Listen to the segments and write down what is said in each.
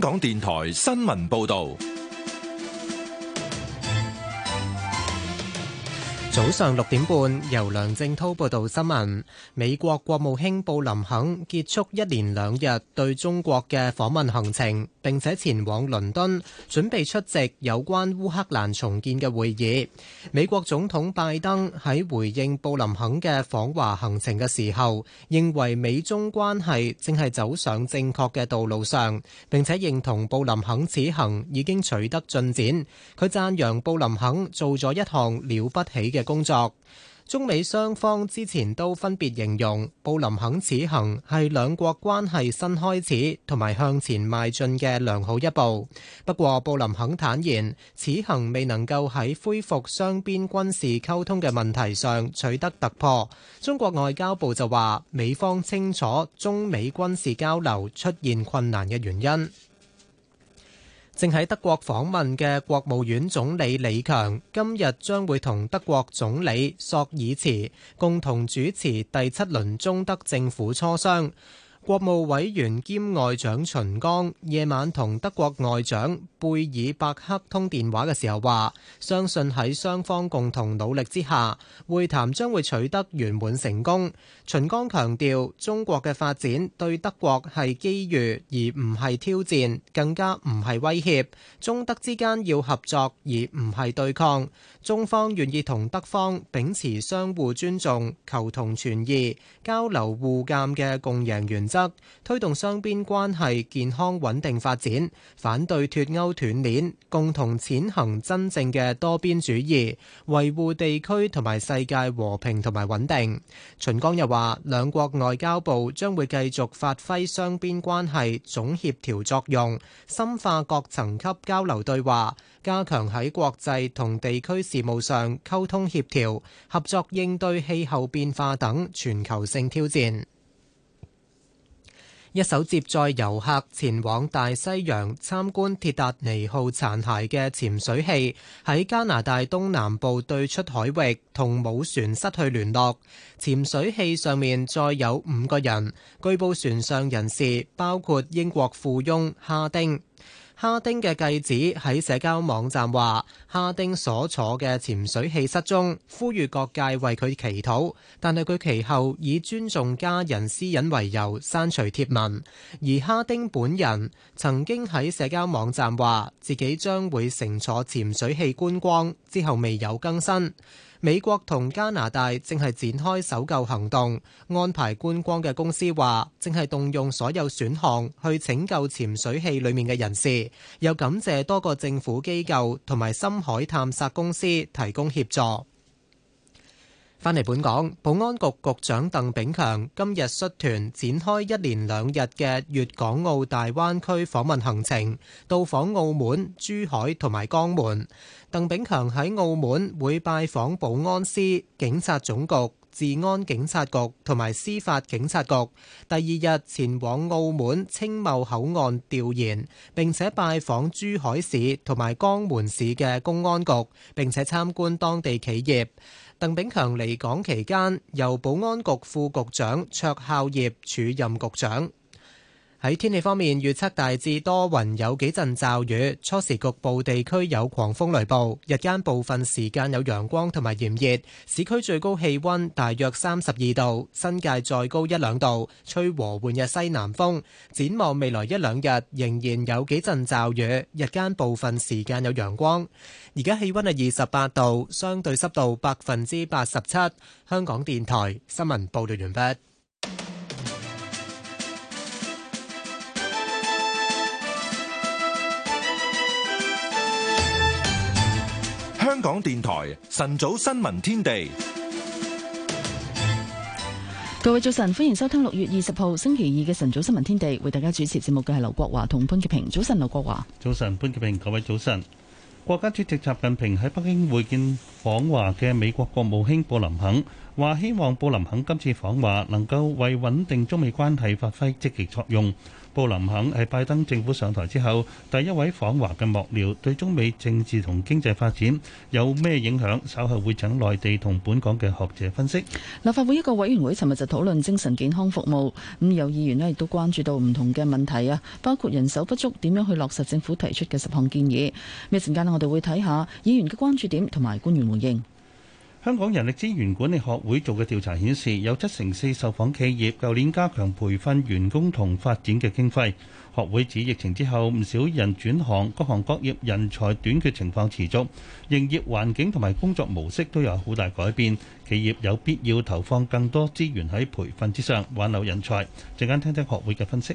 香港電台新聞報道。早上六點半，由梁正濤報道新聞。美國國務卿布林肯結束一連兩日對中國嘅訪問行程，並且前往倫敦，準備出席有關烏克蘭重建嘅會議。美國總統拜登喺回應布林肯嘅訪華行程嘅時候，認為美中關係正係走上正確嘅道路上，並且認同布林肯此行已經取得進展。佢讚揚布林肯做咗一項了不起嘅工作，中美雙方之前都分別形容布林肯此行係兩國關係新開始同埋向前邁進嘅良好一步。不過，布林肯坦言此行未能夠喺恢復雙邊軍事溝通嘅問題上取得突破。中國外交部就話，美方清楚中美軍事交流出現困難嘅原因。正喺德國訪問嘅國務院總理李強，今日將會同德國總理朔爾茨共同主持第七輪中德政府磋商。國務委員兼外長秦剛夜晚同德國外長貝爾伯克通電話嘅時候話，相信喺雙方共同努力之下，會談將會取得圓滿成功。秦剛強調，中國嘅發展對德國係機遇而唔係挑戰，更加唔係威脅。中德之間要合作而唔係對抗，中方願意同德方秉持相互尊重、求同存異、交流互鑒嘅共贏原。則推動雙邊關係健康穩定發展，反對脫歐斷鏈，共同踐行真正嘅多邊主義，維護地區同埋世界和平同埋穩定。秦剛又話：兩國外交部將會繼續發揮雙邊關係總協調作用，深化各層級交流對話，加強喺國際同地區事務上溝通協調，合作應對氣候變化等全球性挑戰。一艘接載遊客前往大西洋參觀鐵達尼號殘骸嘅潛水器，喺加拿大東南部對出海域同母船失去聯絡。潛水器上面載有五個人，據報船上人士包括英國富翁哈丁。哈丁嘅繼子喺社交網站話：哈丁所坐嘅潛水器失蹤，呼籲各界為佢祈禱。但係佢其後以尊重家人私隱為由刪除貼文。而哈丁本人曾經喺社交網站話自己將會乘坐潛水器觀光，之後未有更新。美國同加拿大正係展開搜救行動，安排觀光嘅公司話，正係動用所有選項去拯救潛水器裡面嘅人士，又感謝多個政府機構同埋深海探索公司提供協助。返嚟本港，保安局局長鄧炳強今日率團展開一連兩日嘅粵港澳大灣區訪問行程，到訪澳門、珠海同埋江門。鄧炳強喺澳門會拜訪保安司、警察總局、治安警察局同埋司法警察局，第二日前往澳門青茂口岸調研，並且拜訪珠海市同埋江門市嘅公安局，並且參觀當地企業。鄧炳強離港期間，由保安局副局長卓孝業署任局長。喺天氣方面，預測大致多雲，有幾陣驟雨，初時局部地區有狂風雷暴，日間部分時間有陽光同埋炎熱。市區最高氣溫大約三十二度，新界再高一兩度，吹和緩嘅西南風。展望未來一兩日，仍然有幾陣驟雨，日間部分時間有陽光。而家氣溫係二十八度，相對濕度百分之八十七。香港電台新聞報道完畢。港電台晨早新聞天地，各位早晨，歡迎收聽六月二十號星期二嘅晨早新聞天地。為大家主持節目嘅係劉國華同潘潔平。早晨，劉國華，早晨，潘潔平。各位早晨。國家主席習近平喺北京會見訪華嘅美國國務卿布林肯，話希望布林肯今次訪華能夠為穩定中美關係發揮積極作用。布林肯係拜登政府上台之後第一位訪華嘅幕僚，對中美政治同經濟發展有咩影響？稍後會請內地同本港嘅學者分析。立法會一個委員會尋日就討論精神健康服務，咁有議員呢亦都關注到唔同嘅問題啊，包括人手不足點樣去落實政府提出嘅十項建議，咩時間我哋會睇下議員嘅關注點同埋官員回應。香港人力資源管理學會做嘅調查顯示，有七成四受訪企業舊年加強培訓員工同發展嘅經費。學會指疫情之後唔少人轉行，各行各業人才短缺情況持續，營業環境同埋工作模式都有好大改變，企業有必要投放更多資源喺培訓之上，挽留人才。陣間聽聽學會嘅分析。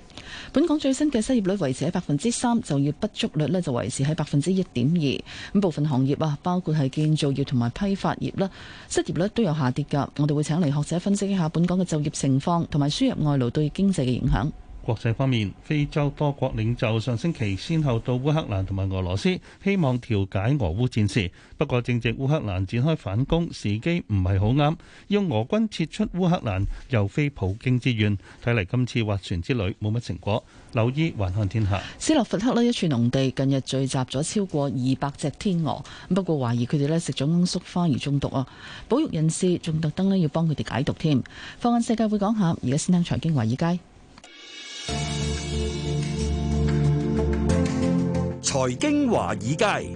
本港最新嘅失業率維持喺百分之三，就業不足率呢就維持喺百分之一點二。咁部分行業啊，包括係建造業同埋批發業啦，失業率都有下跌㗎。我哋會請嚟學者分析一下本港嘅就業情況同埋輸入外勞對經濟嘅影響。國際方面，非洲多國領袖上星期先後到烏克蘭同埋俄羅斯，希望調解俄烏戰事。不過，正值烏克蘭展開反攻，時機唔係好啱。要俄軍撤出烏克蘭，又非普京之願。睇嚟，今次划船之旅冇乜成果。留意環看天下。斯洛伐克呢一處農地近日聚集咗超過二百隻天鵝，不過懷疑佢哋咧食咗罌粟花而中毒啊。保育人士仲特登咧要幫佢哋解毒添。放眼世界會講下，而家先聽財經華爾街。財經華爾街，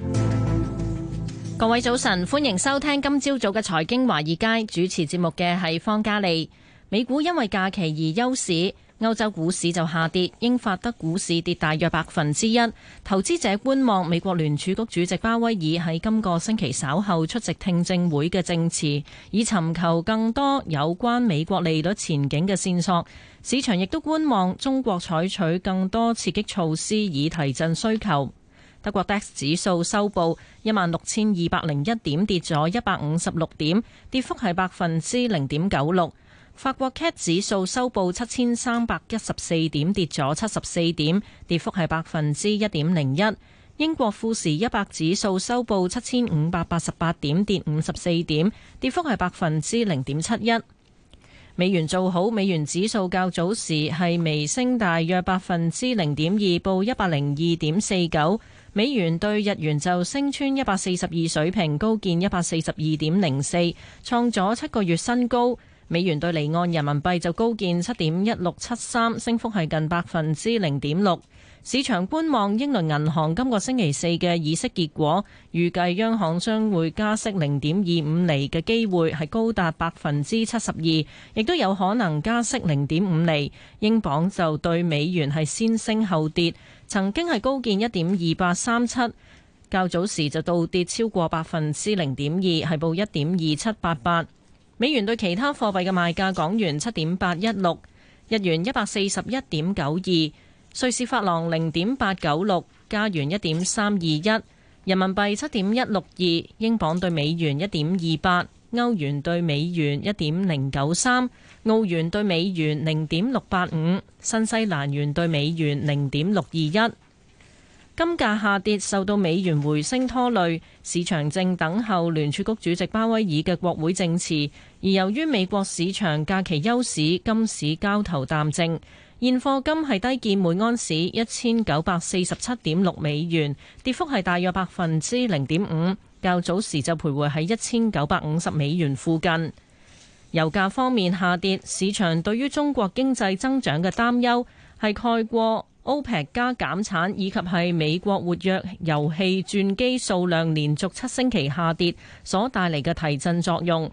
各位早晨，歡迎收聽今朝早嘅財經華爾街。主持節目嘅係方嘉利，美股因為假期而休市，歐洲股市就下跌，英法德股市跌大約百分之一。投資者觀望美國聯儲局主席鮑威爾喺今個星期稍後出席聽證會嘅證詞，以尋求更多有關美國利率前景嘅線索。市場亦都觀望中國採取更多刺激措施，以提振需求。德國 DAX 指數收報一萬六千二百零一點，跌咗一百五十六點，跌幅係百分之零點九六。法國 CAC 指數收報七千三百一十四點，跌咗七十四點，跌幅係百分之一點零一。英國富時一百指數收報七千五百八十八點，跌五十四點，跌幅係百分之零點七一。美元做好，美元指數較早時係微升大約百分之零點二，報一百零二點四九。美元兌日元就升穿一百四十二水平，高見一百四十二點零四，創咗七個月新高。美元兌離岸人民幣就高見七點一六七三，升幅係近百分之零點六。市場觀望英倫銀行今個星期四嘅議息結果，預計央行將會加息零點二五厘嘅機會係高達百分之七十二，亦都有可能加息零點五厘。英鎊就對美元係先升後跌，曾經係高見一點二八三七，較早時就倒跌超過百分之零點二，係報一點二七八八。美元對其他貨幣嘅賣價，港元七點八一六，日元一百四十一點九二。瑞士法郎零點八九六，加元一點三二一，人民幣七點一六二，英鎊兌美元一點二八，歐元兌美元一點零九三，澳元兌美元零點六八五，新西蘭元兌美元零點六二一。金價下跌受到美元回升拖累，市場正等候聯儲局主席鮑威爾嘅國會證詞，而由於美國市場假期休市，金市交投淡靜。現貨金係低見每安士一千九百四十七點六美元，跌幅係大約百分之零點五。較早時就徘徊喺一千九百五十美元附近。油價方面下跌，市場對於中國經濟增長嘅擔憂係蓋過歐佩克加減產以及係美國活躍油氣鑽機數量連續七星期下跌所帶嚟嘅提振作用。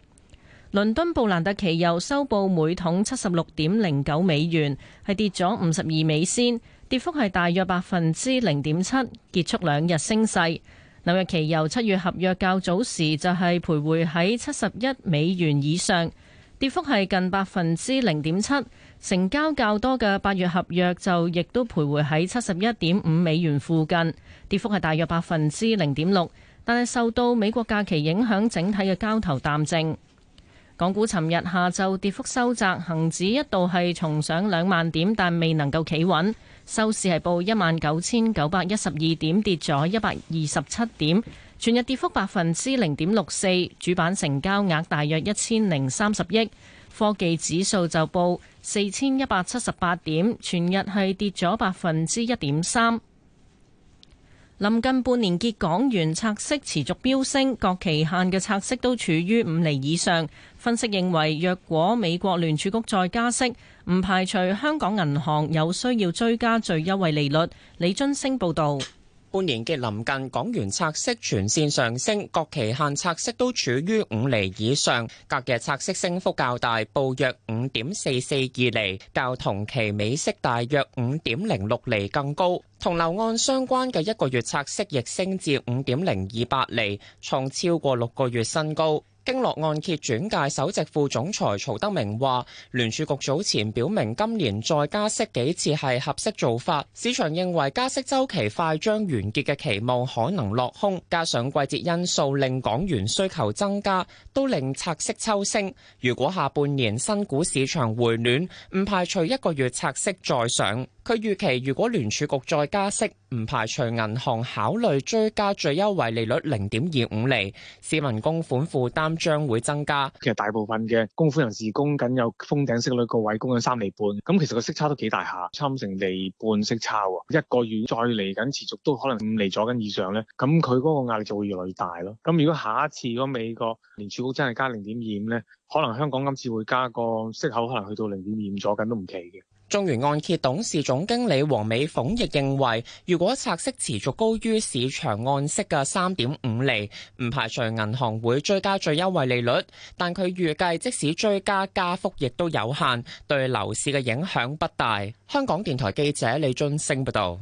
倫敦布蘭特期油收報每桶七十六點零九美元，係跌咗五十二美仙，跌幅係大約百分之零點七，結束兩日升勢。紐約期油七月合約較早時就係徘徊喺七十一美元以上，跌幅係近百分之零點七。成交較多嘅八月合約就亦都徘徊喺七十一點五美元附近，跌幅係大約百分之零點六。但係受到美國假期影響，整體嘅交投淡靜。港股尋日下晝跌幅收窄，恒指一度係重上兩萬點，但未能夠企穩，收市係報一萬九千九百一十二點，跌咗一百二十七點，全日跌幅百分之零點六四。主板成交額大約一千零三十億，科技指數就報四千一百七十八點，全日係跌咗百分之一點三。臨近，半年結，港元拆息持續飆升，各期限嘅拆息都處於五厘以上。分析認為，若果美國聯儲局再加息，唔排除香港銀行有需要追加最優惠利率。李津升報導。半年結臨近，港元拆息全線上升，各期限拆息都處於五厘以上。隔日拆息升幅較大，報約五點四四二厘，較同期美息大約五點零六厘更高。同樓按相關嘅一個月拆息亦升至五點零二八厘，創超過六個月新高。經絡按揭轉介首席副總裁曹德明話，聯儲局早前表明今年再加息幾次係合適做法，市場認為加息周期快將完結嘅期望可能落空，加上季節因素令港元需求增加，都令拆息抽升。如果下半年新股市場回暖，唔排除一個月拆息再上。佢預期如果聯儲局再加息，唔排除銀行考慮追加最優惠利率零點二五厘，市民供款負擔將會增加。其實大部分嘅供款人士供緊有封頂息率個位供，供緊三厘半，咁其實個息差都幾大下，差成厘半息差喎，一個月再嚟緊持續都可能五厘左緊以上咧，咁佢嗰個壓力就會越來越大咯。咁如果下一次嗰個美國聯儲局真係加零點二五咧，可能香港今次會加個息口，可能去到零點二五左緊都唔奇嘅。中原按揭董事總經理王美鳳亦認為，如果拆息持續高於市場按息嘅三點五厘，唔排除銀行會追加最優惠利率，但佢預計即使追加加幅亦都有限，對樓市嘅影響不大。香港電台記者李俊升報道。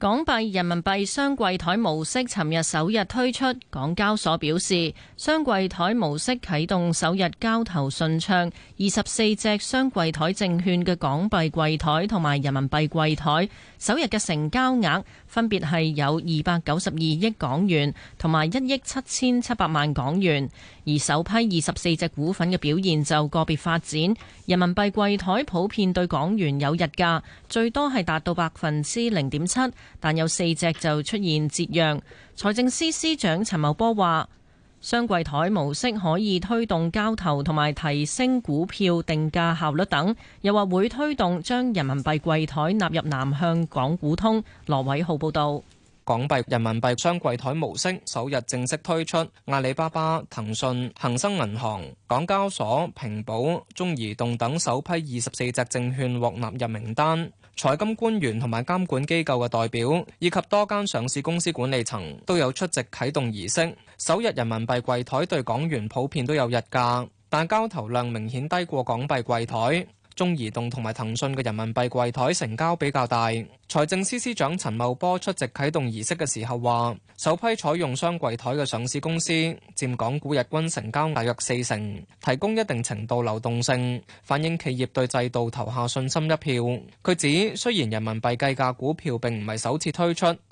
港幣、人民幣雙櫃台模式，尋日首日推出。港交所表示，雙櫃台模式啟動首日交投順暢，二十四隻雙櫃台證券嘅港幣櫃台同埋人民幣櫃台首日嘅成交額，分別係有二百九十二億港元同埋一億七千七百萬港元，而首批二十四隻股份嘅表現就個別發展。人民幣櫃台普遍對港元有溢價，最多係達到百分之零點七，但有四隻就出現折讓。財政司司長陳茂波話，雙櫃台模式可以推動交投同埋提升股票定價效率等，又話會推動將人民幣櫃台納入南向港股通。羅偉浩報道，港幣人民幣雙櫃台模式首日正式推出，阿里巴巴、騰訊、恒生銀行、港交所、平保、中移動等首批二十四隻證券獲納入名單。財金官員同埋監管機構嘅代表以及多間上市公司管理層都有出席啟動儀式。首日人民幣櫃台對港元普遍都有日價，但交投量明顯低過港幣櫃台。中移動同埋騰訊嘅人民幣櫃台成交比較大。財政司司長陳茂波出席啟動儀式嘅時候話，首批採用雙櫃台嘅上市公司，佔港股日均成交大約四成，提供一定程度流動性，反映企業對制度投下信心一票。佢指雖然人民幣計價股票並唔係首次推出。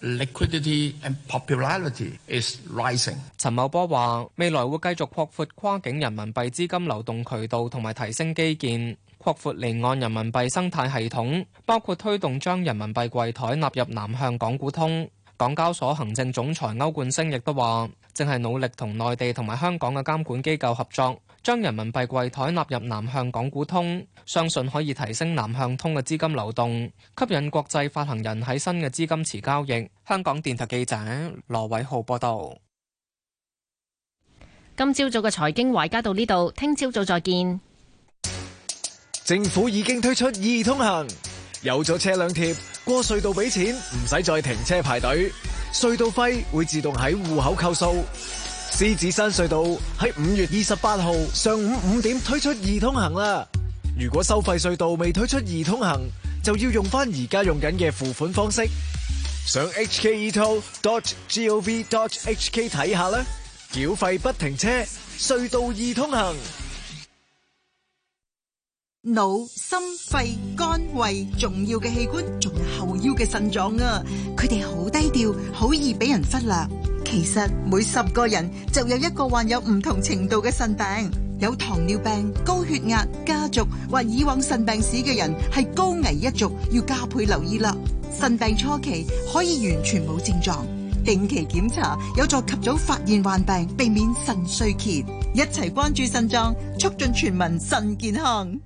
Liquidity and popularity is rising。陳茂波話：未來會繼續擴闊跨境人民幣資金流動渠道，同埋提升基建、擴闊離岸人民幣生態系統，包括推動將人民幣櫃台納入南向港股通。港交所行政總裁歐冠昇亦都話：正係努力同內地同埋香港嘅監管機構合作。將人民幣櫃台納入南向港股通，相信可以提升南向通嘅資金流動，吸引國際發行人喺新嘅資金池交易。香港電台記者羅偉浩報道。今朝早嘅財經匯價到呢度，聽朝早再見。政府已經推出易通行，有咗車輛貼，過隧道俾錢，唔使再停車排隊，隧道費會自動喺戶口扣數。獅子山隧道喺五月二十八號上午五點推出易通行啦。如果收費隧道未推出易通行，就要用翻而家用緊嘅付款方式。上 hketo.gov.hk 睇下啦。繳費不停車，隧道易通行。腦、心、肺、肝、胃重要嘅器官，仲有後腰嘅腎臟啊！佢哋好低調，好易俾人忽略。其實每十個人就有一個患有唔同程度嘅腎病，有糖尿病、高血壓、家族或以往腎病史嘅人係高危一族，要加倍留意啦。腎病初期可以完全冇症狀，定期檢查有助及早發現患病，避免腎衰竭。一齊關注腎臟，促進全民腎健康。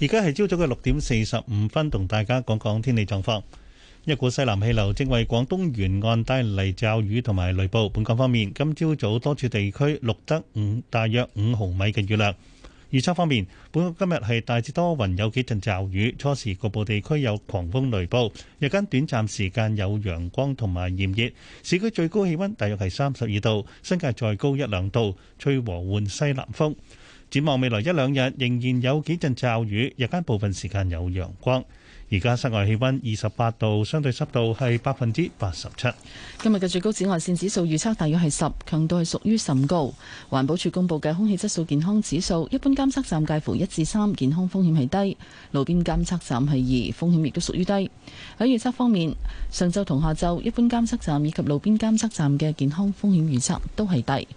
而家係朝早嘅六點四十五分，同大家講講天氣狀況。一股西南氣流正為廣東沿岸帶嚟驟雨同埋雷暴。本港方面，今朝早，早多處地區錄得五大約五毫米嘅雨量。預測方面，本港今日係大致多雲，有幾陣驟雨，初時局部地區有狂風雷暴。日間短暫時間有陽光同埋炎熱，市區最高氣溫大約係三十二度，新界再高一兩度。吹和緩西南風。展望未來一兩日，仍然有幾陣驟雨，日間部分時間有陽光。而家室外氣溫二十八度，相對濕度係百分之八十七。今日嘅最高紫外線指數預測大約係十，強度係屬於甚高。環保署公布嘅空氣質素健康指數，一般監測站介乎一至三，健康風險係低；路邊監測站係二，風險亦都屬於低。喺預測方面，上晝同下晝一般監測站以及路邊監測站嘅健康風險預測都係低。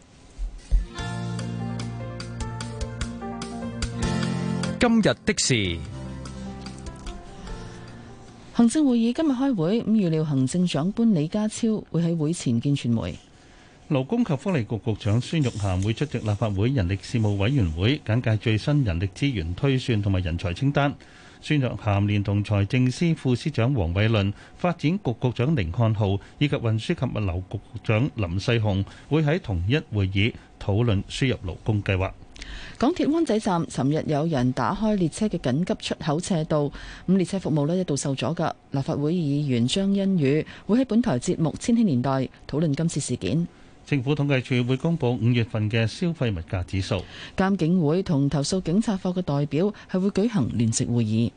今日的時。行政會議今日開會，咁預料行政長官李家超會喺會前見傳媒。勞工及福利局局長孫玉涵會出席立法會人力事務委員會，簡介最新人力資源推算同埋人才清單。孫玉涵連同財政司副司長黃偉綸、發展局局長凌漢浩以及運輸及物流局局長林世雄會喺同一會議討論輸入勞工計劃。港鐵灣仔站尋日有人打開列車嘅緊急出口斜道，咁列車服務咧一度受阻噶。立法會議員張欣宇會喺本台節目《千禧年代》討論今次事件。政府統計處會公布五月份嘅消費物價指數。監警會同投訴警察課嘅代表係會舉行聯席會議。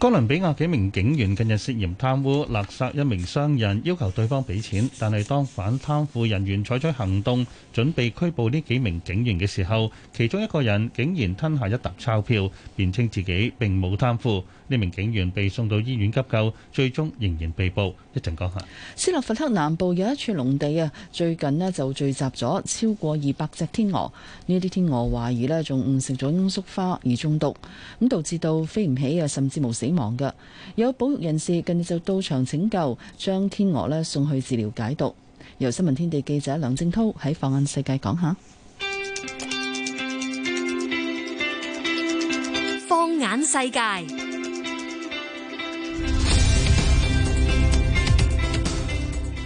哥倫比亞幾名警員近日涉嫌貪污勒殺一名商人，要求對方俾錢。但係當反貪腐人員採取行動，準備拘捕呢幾名警員嘅時候，其中一個人竟然吞下一沓鈔票，辯稱自己並冇貪腐。呢名警員被送到醫院急救，最終仍然被捕。一陣講下。斯洛伐克南部有一處農地啊，最近呢就聚集咗超過二百隻天鵝。呢啲天鵝懷疑呢，仲誤食咗罌粟花而中毒，咁導致到飛唔起啊，甚至冇事。死亡嘅。有保育人士近日就到場拯救，將天鵝咧送去治療解毒。由新聞天地記者梁正濤喺放眼世界講下。放眼世界。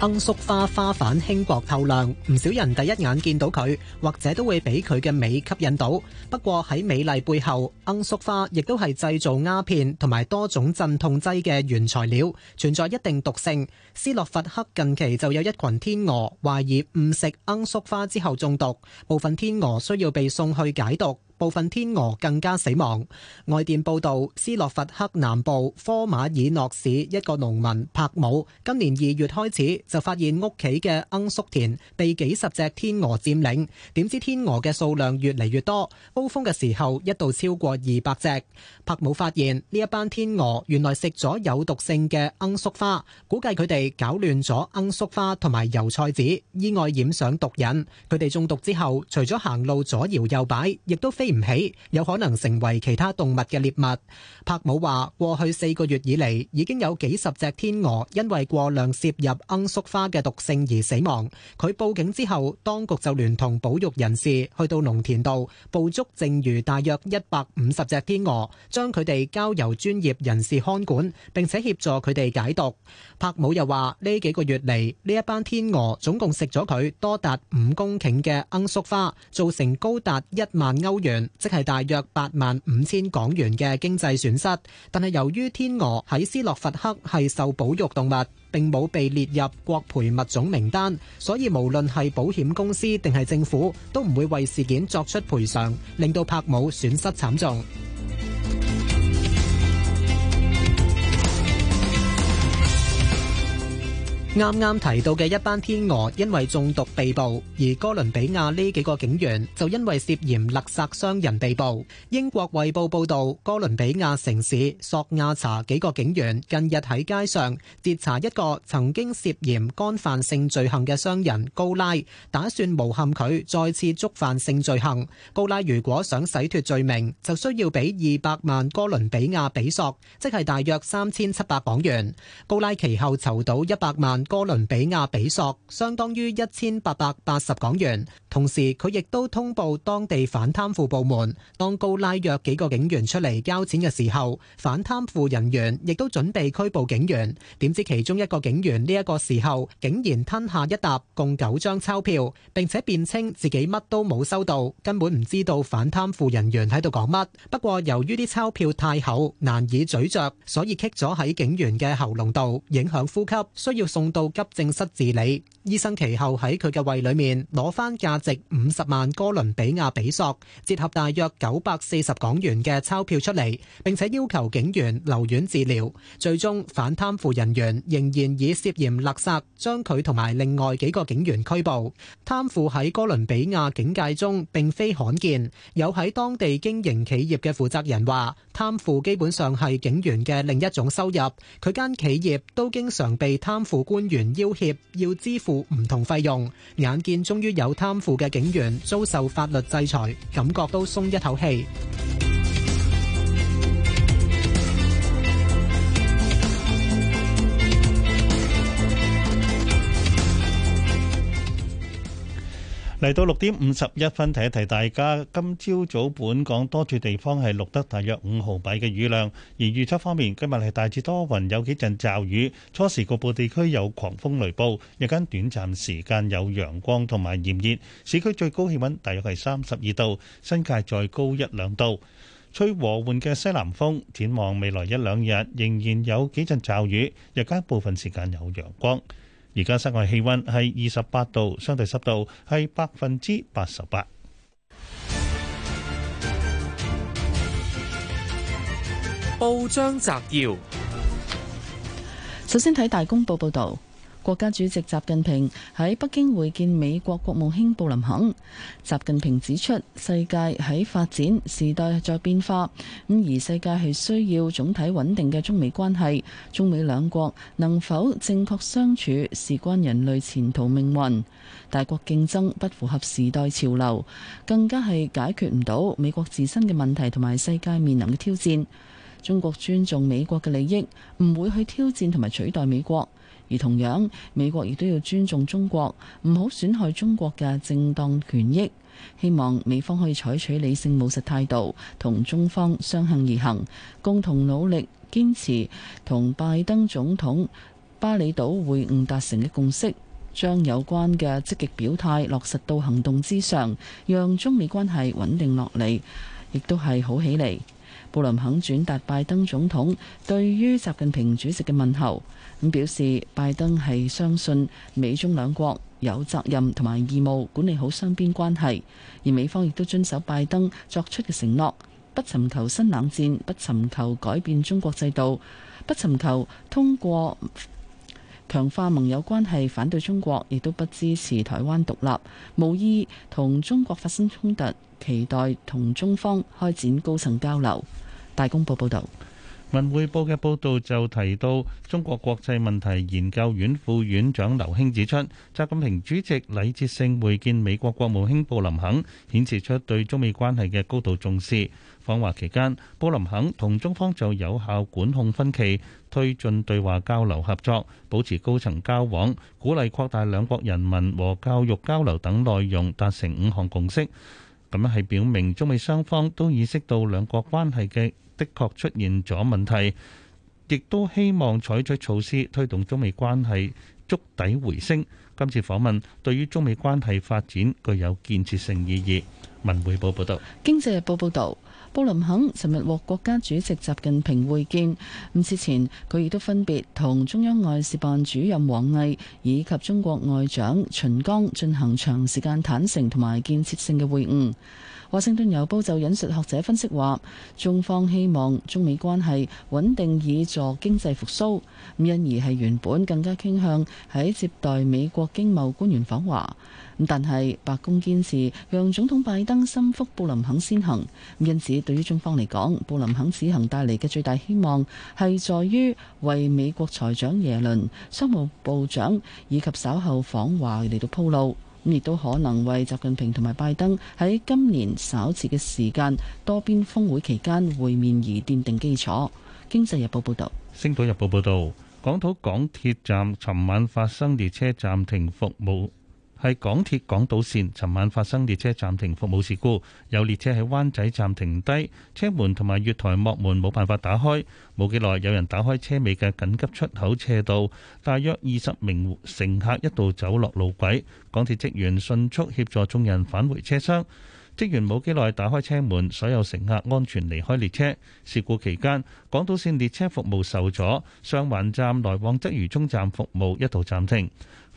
罌粟花花瓣輕薄透亮，唔少人第一眼見到佢，或者都會俾佢嘅美吸引到。不過喺美麗背後，罌粟花亦都係製造鴉片同埋多種鎮痛劑嘅原材料，存在一定毒性。斯洛伐克近期就有一群天鵝懷疑誤食罌粟花之後中毒，部分天鵝需要被送去解毒。部分天鵝更加死亡。外電報導，斯洛伐克南部科馬爾諾市一個農民帕姆，今年二月開始就發現屋企嘅罌粟田被幾十隻天鵝佔領。點知天鵝嘅數量越嚟越多，高峰嘅時候一度超過二百隻。帕姆發現呢一班天鵝原來食咗有毒性嘅罌粟花，估計佢哋搞亂咗罌粟花同埋油菜籽，意外染上毒癮。佢哋中毒之後，除咗行路左搖右擺，亦都飛唔起，有可能成為其他動物嘅獵物。柏姆話過去四個月以嚟，已經有幾十隻天鵝因為過量攝入罌粟花嘅毒性而死亡。佢報警之後，當局就聯同保育人士去到農田度捕捉，剩餘大約一百五十隻天鵝，將佢哋交由專業人士看管，並且協助佢哋解毒。帕姆又話：呢幾個月嚟，呢一班天鵝總共食咗佢多達五公頃嘅罌粟花，造成高達一萬歐元，即係大約八萬五千港元嘅經濟損失。但係由於天鵝喺斯洛伐克係受保育動物，並冇被列入國賠物種名單，所以無論係保險公司定係政府，都唔會為事件作出賠償，令到帕姆損失慘重。啱啱提到嘅一班天鵝因為中毒被捕，而哥倫比亞呢幾個警員就因為涉嫌勒殺傷人被捕。英國《衛報》報道，哥倫比亞城市索亞查幾個警員近日喺街上截查一個曾經涉嫌干犯性罪行嘅商人高拉，打算誣陷佢再次觸犯性罪行。高拉如果想洗脱罪名，就需要俾二百萬哥倫比亞比索，即係大約三千七百港元。高拉其後籌到一百萬。哥倫比亞比索相當於一千八百八十港元。同時佢亦都通報當地反貪腐部門。當高拉約幾個警員出嚟交錢嘅時候，反貪腐人員亦都準備拘捕警員。點知其中一個警員呢一個時候，竟然吞下一沓共九張鈔票，並且辯稱自己乜都冇收到，根本唔知道反貪腐人員喺度講乜。不過由於啲鈔票太厚，難以咀嚼，所以棘咗喺警員嘅喉嚨度，影響呼吸，需要送到急症室治理，醫生其後喺佢嘅胃裏面攞返價值五十萬哥倫比亞比索，折合大約九百四十港元嘅鈔票出嚟，並且要求警員留院治療。最終反貪腐人員仍然以涉嫌勒索將佢同埋另外幾個警員拘捕。貪腐喺哥倫比亞警界中並非罕見，有喺當地經營企業嘅負責人話，貪腐基本上係警員嘅另一種收入。佢間企業都經常被貪腐官。員要挾要支付唔同費用，眼見終於有貪腐嘅警員遭受法律制裁，感覺都鬆一口氣。嚟到六點五十一分，提一提大家。今朝早本港多處地方係錄得大約五毫米嘅雨量。而預測方面，今日係大致多雲，有幾陣驟雨。初時局部地區有狂風雷暴，日間短暫時間有陽光同埋炎熱。市區最高氣溫大約係三十二度，新界再高一兩度。吹和緩嘅西南風。展望未來一兩日，仍然有幾陣驟雨，日間部分時間有陽光。而家室外氣溫係二十八度，相對濕度係百分之八十八。報章摘要，首先睇大公報報導。國家主席習近平喺北京會見美國國務卿布林肯。習近平指出，世界喺發展，時代在變化，咁而世界係需要總體穩定嘅中美關係。中美兩國能否正確相處，事關人類前途命運。大國競爭不符合時代潮流，更加係解決唔到美國自身嘅問題同埋世界面臨嘅挑戰。中國尊重美國嘅利益，唔會去挑戰同埋取代美國。而同樣，美國亦都要尊重中國，唔好損害中國嘅正當權益。希望美方可以採取理性務實態度，同中方相向而行，共同努力，堅持同拜登總統巴厘島會晤達成嘅共識，將有關嘅積極表態落實到行動之上，讓中美關係穩定落嚟，亦都係好起嚟。布林肯轉達拜登總統對於習近平主席嘅問候。咁表示，拜登係相信美中兩國有責任同埋義務管理好雙邊關係，而美方亦都遵守拜登作出嘅承諾，不尋求新冷戰，不尋求改變中國制度，不尋求通過強化盟友關係反對中國，亦都不支持台灣獨立，無意同中國發生衝突，期待同中方開展高層交流。大公報報導。文匯報嘅報導就提到，中國國際問題研究院副院長劉卿指出，習近平主席禮節性會見美國國務卿布林肯，顯示出對中美關係嘅高度重視。訪華期間，布林肯同中方就有效管控分歧、推進對話交流合作、保持高層交往、鼓勵擴大兩國人民和教育交流等內容達成五項共識。咁樣係表明中美雙方都意識到兩國關係嘅的確出現咗問題，亦都希望採取措施推動中美關係觸底回升。今次訪問對於中美關係發展具有建設性意義。文匯報報道，經濟日報報道，布林肯尋日獲國家主席習近平會見。咁此前，佢亦都分別同中央外事辦主任王毅以及中國外長秦剛進行長時間坦誠同埋建設性嘅會晤。華盛頓郵報就引述學者分析話，中方希望中美關係穩定以助經濟復蘇，因而係原本更加傾向喺接待美國經貿官員訪華。但係白宮堅持讓總統拜登心腹布林肯先行，因此對於中方嚟講，布林肯此行帶嚟嘅最大希望係在於為美國財長耶倫、商務部長以及稍後訪華嚟到鋪路。咁亦都可能為習近平同埋拜登喺今年稍遲嘅時間多邊峰會期間會面而奠定基礎。經濟日報報導，星島日報報道：星島日報報道「港島港鐵站尋晚發生列車暫停服務。係港鐵港島線，尋晚發生列車暫停服務事故，有列車喺灣仔站停低，車門同埋月台幕門冇辦法打開。冇幾耐，有人打開車尾嘅緊急出口斜道，大約二十名乘客一度走落路軌。港鐵職員迅速協助眾人返回車廂，職員冇幾耐打開車門，所有乘客安全離開列車。事故期間，港島線列車服務受阻，上環站來往鰂魚湧站服務一度暫停。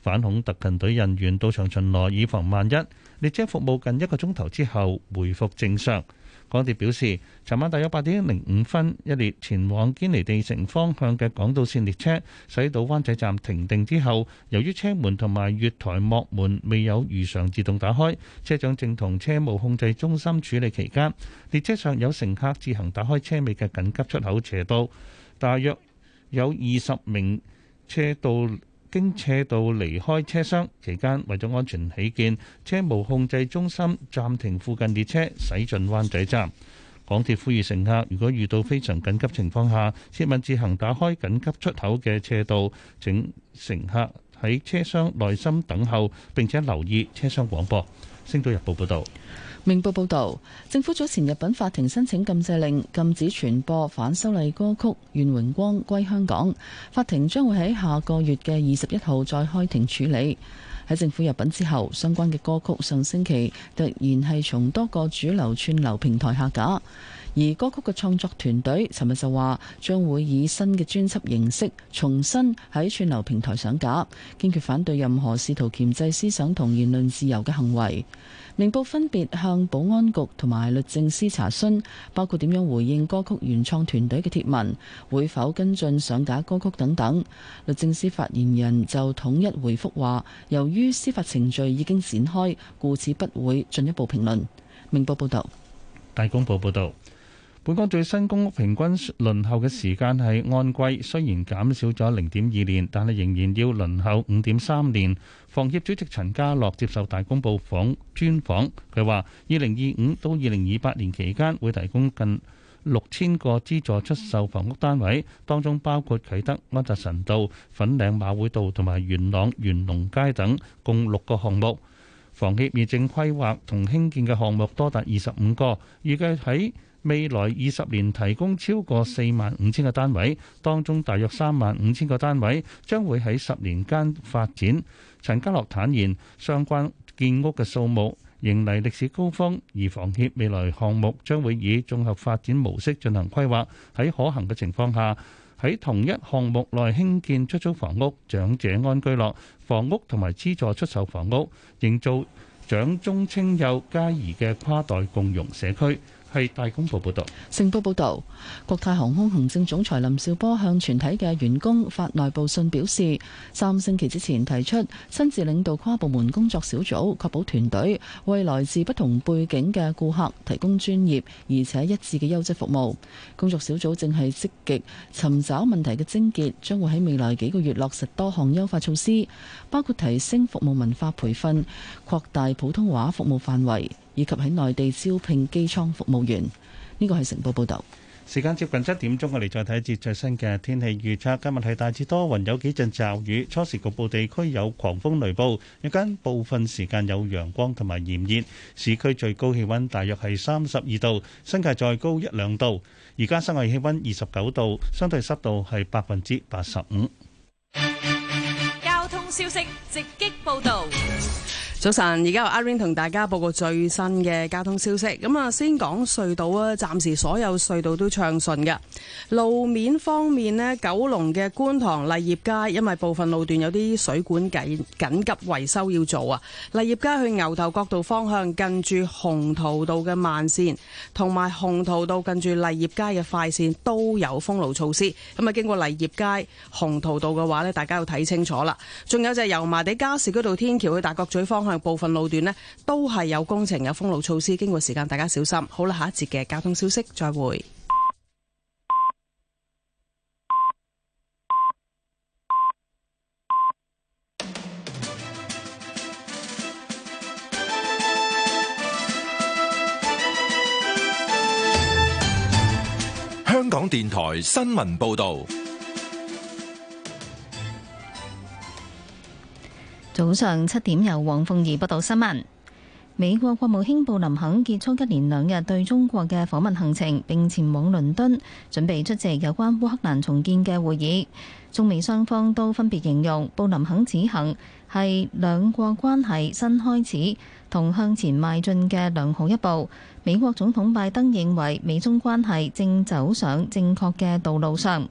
反恐特勤隊人員到場巡邏，以防萬一。列車服務近一個鐘頭之後回復正常。港鐵表示，昨晚大約八點零五分，一列前往堅尼地城方向嘅港島線列車，駛到灣仔站停定之後，由於車門同埋月台幕門未有如常自動打開，車長正同車務控制中心處理期間，列車上有乘客自行打開車尾嘅緊急出口斜道，大約有二十名車道。經斜道離開車廂，期間為咗安全起見，車務控制中心暫停附近列車駛進灣仔站。港鐵呼籲乘客，如果遇到非常緊急情況下，切勿自行打開緊急出口嘅斜道，請乘客喺車廂內耐心等候，並且留意車廂廣播。星島日報報道。明報報導，政府早前入禀法庭申請禁制令，禁止傳播反修例歌曲《願榮光歸香港》，法庭將會喺下個月嘅二十一號再開庭處理。喺政府入禀之後，相關嘅歌曲上星期突然係從多個主流串流平台下架，而歌曲嘅創作團隊尋日就話，將會以新嘅專輯形式重新喺串流平台上架，堅決反對任何試圖鉗制思想同言論自由嘅行為。明報分別向保安局同埋律政司查詢，包括點樣回應歌曲原創團隊嘅貼文，會否跟進上架歌曲等等。律政司發言人就統一回覆話，由於司法程序已經展開，故此不會進一步評論。明報報導，大公報報導。本港最新公屋平均輪候嘅時間係按季，雖然減少咗零點二年，但係仍然要輪候五點三年。房協主席陳家樂接受大公報訪專訪，佢話：二零二五到二零二八年期間會提供近六千個資助出售房屋單位，當中包括啟德、安達臣道、粉嶺馬會道同埋元朗元龍街等共六個項目。房協擬正規劃同興建嘅項目多達二十五個，預計喺未來二十年提供超過四萬五千個單位，當中大約三萬五千個單位將會喺十年間發展。陳家樂坦言，相關建屋嘅數目迎嚟歷史高峰，而房協未來項目將會以綜合發展模式進行規劃，喺可行嘅情況下，喺同一項目內興建出租房屋、長者安居樂房屋同埋資助出售房屋，營造長中青幼皆宜嘅跨代共融社區。係大公報報道，成報報道，國泰航空行政總裁林紹波向全體嘅員工發內部信表示，三星期之前提出親自領導跨部門工作小組，確保團隊為來自不同背景嘅顧客提供專業而且一致嘅優質服務。工作小組正係積極尋找問題嘅症結，將會喺未來幾個月落實多項優化措施，包括提升服務文化培訓、擴大普通話服務範圍，以及喺內地招聘機艙服務員，呢個係成報報導。時間接近七點鐘，我哋再睇一節最新嘅天氣預測。今日係大致多雲，有幾陣驟雨，初時局部地區有狂風雷暴，日間部分時間有陽光同埋炎熱。市區最高氣溫大約係三十二度，新界再高一兩度。而家室外氣溫二十九度，相對濕度係百分之八十五。交通消息直擊報導。早晨，而家阿 Ring 同大家報告最新嘅交通消息。咁啊，先講隧道啊，暫時所有隧道都暢順嘅。路面方面咧，九龍嘅觀塘利業街，因為部分路段有啲水管緊緊急維修要做啊。利業街去牛頭角道方向，近住鴻圖道嘅慢綫，同埋鴻圖道近住利業街嘅快綫都有封路措施。咁啊，經過利業街、鴻圖道嘅話咧，大家要睇清楚啦。仲有就係油麻地加士居道天橋去大角咀方向。部分路段呢都係有工程，有封路措施。經過時間，大家小心。好啦，下一節嘅交通消息，再會。香港電台新聞報道。早上七點由黃鳳儀報道新聞。美國國務卿布林肯結束一連兩日對中國嘅訪問行程，並前往倫敦，準備出席有關烏克蘭重建嘅會議。中美雙方都分別形容布林肯此行係兩國關係新開始，同向前邁進嘅良好一步。美國總統拜登認為美中關係正走上正確嘅道路上。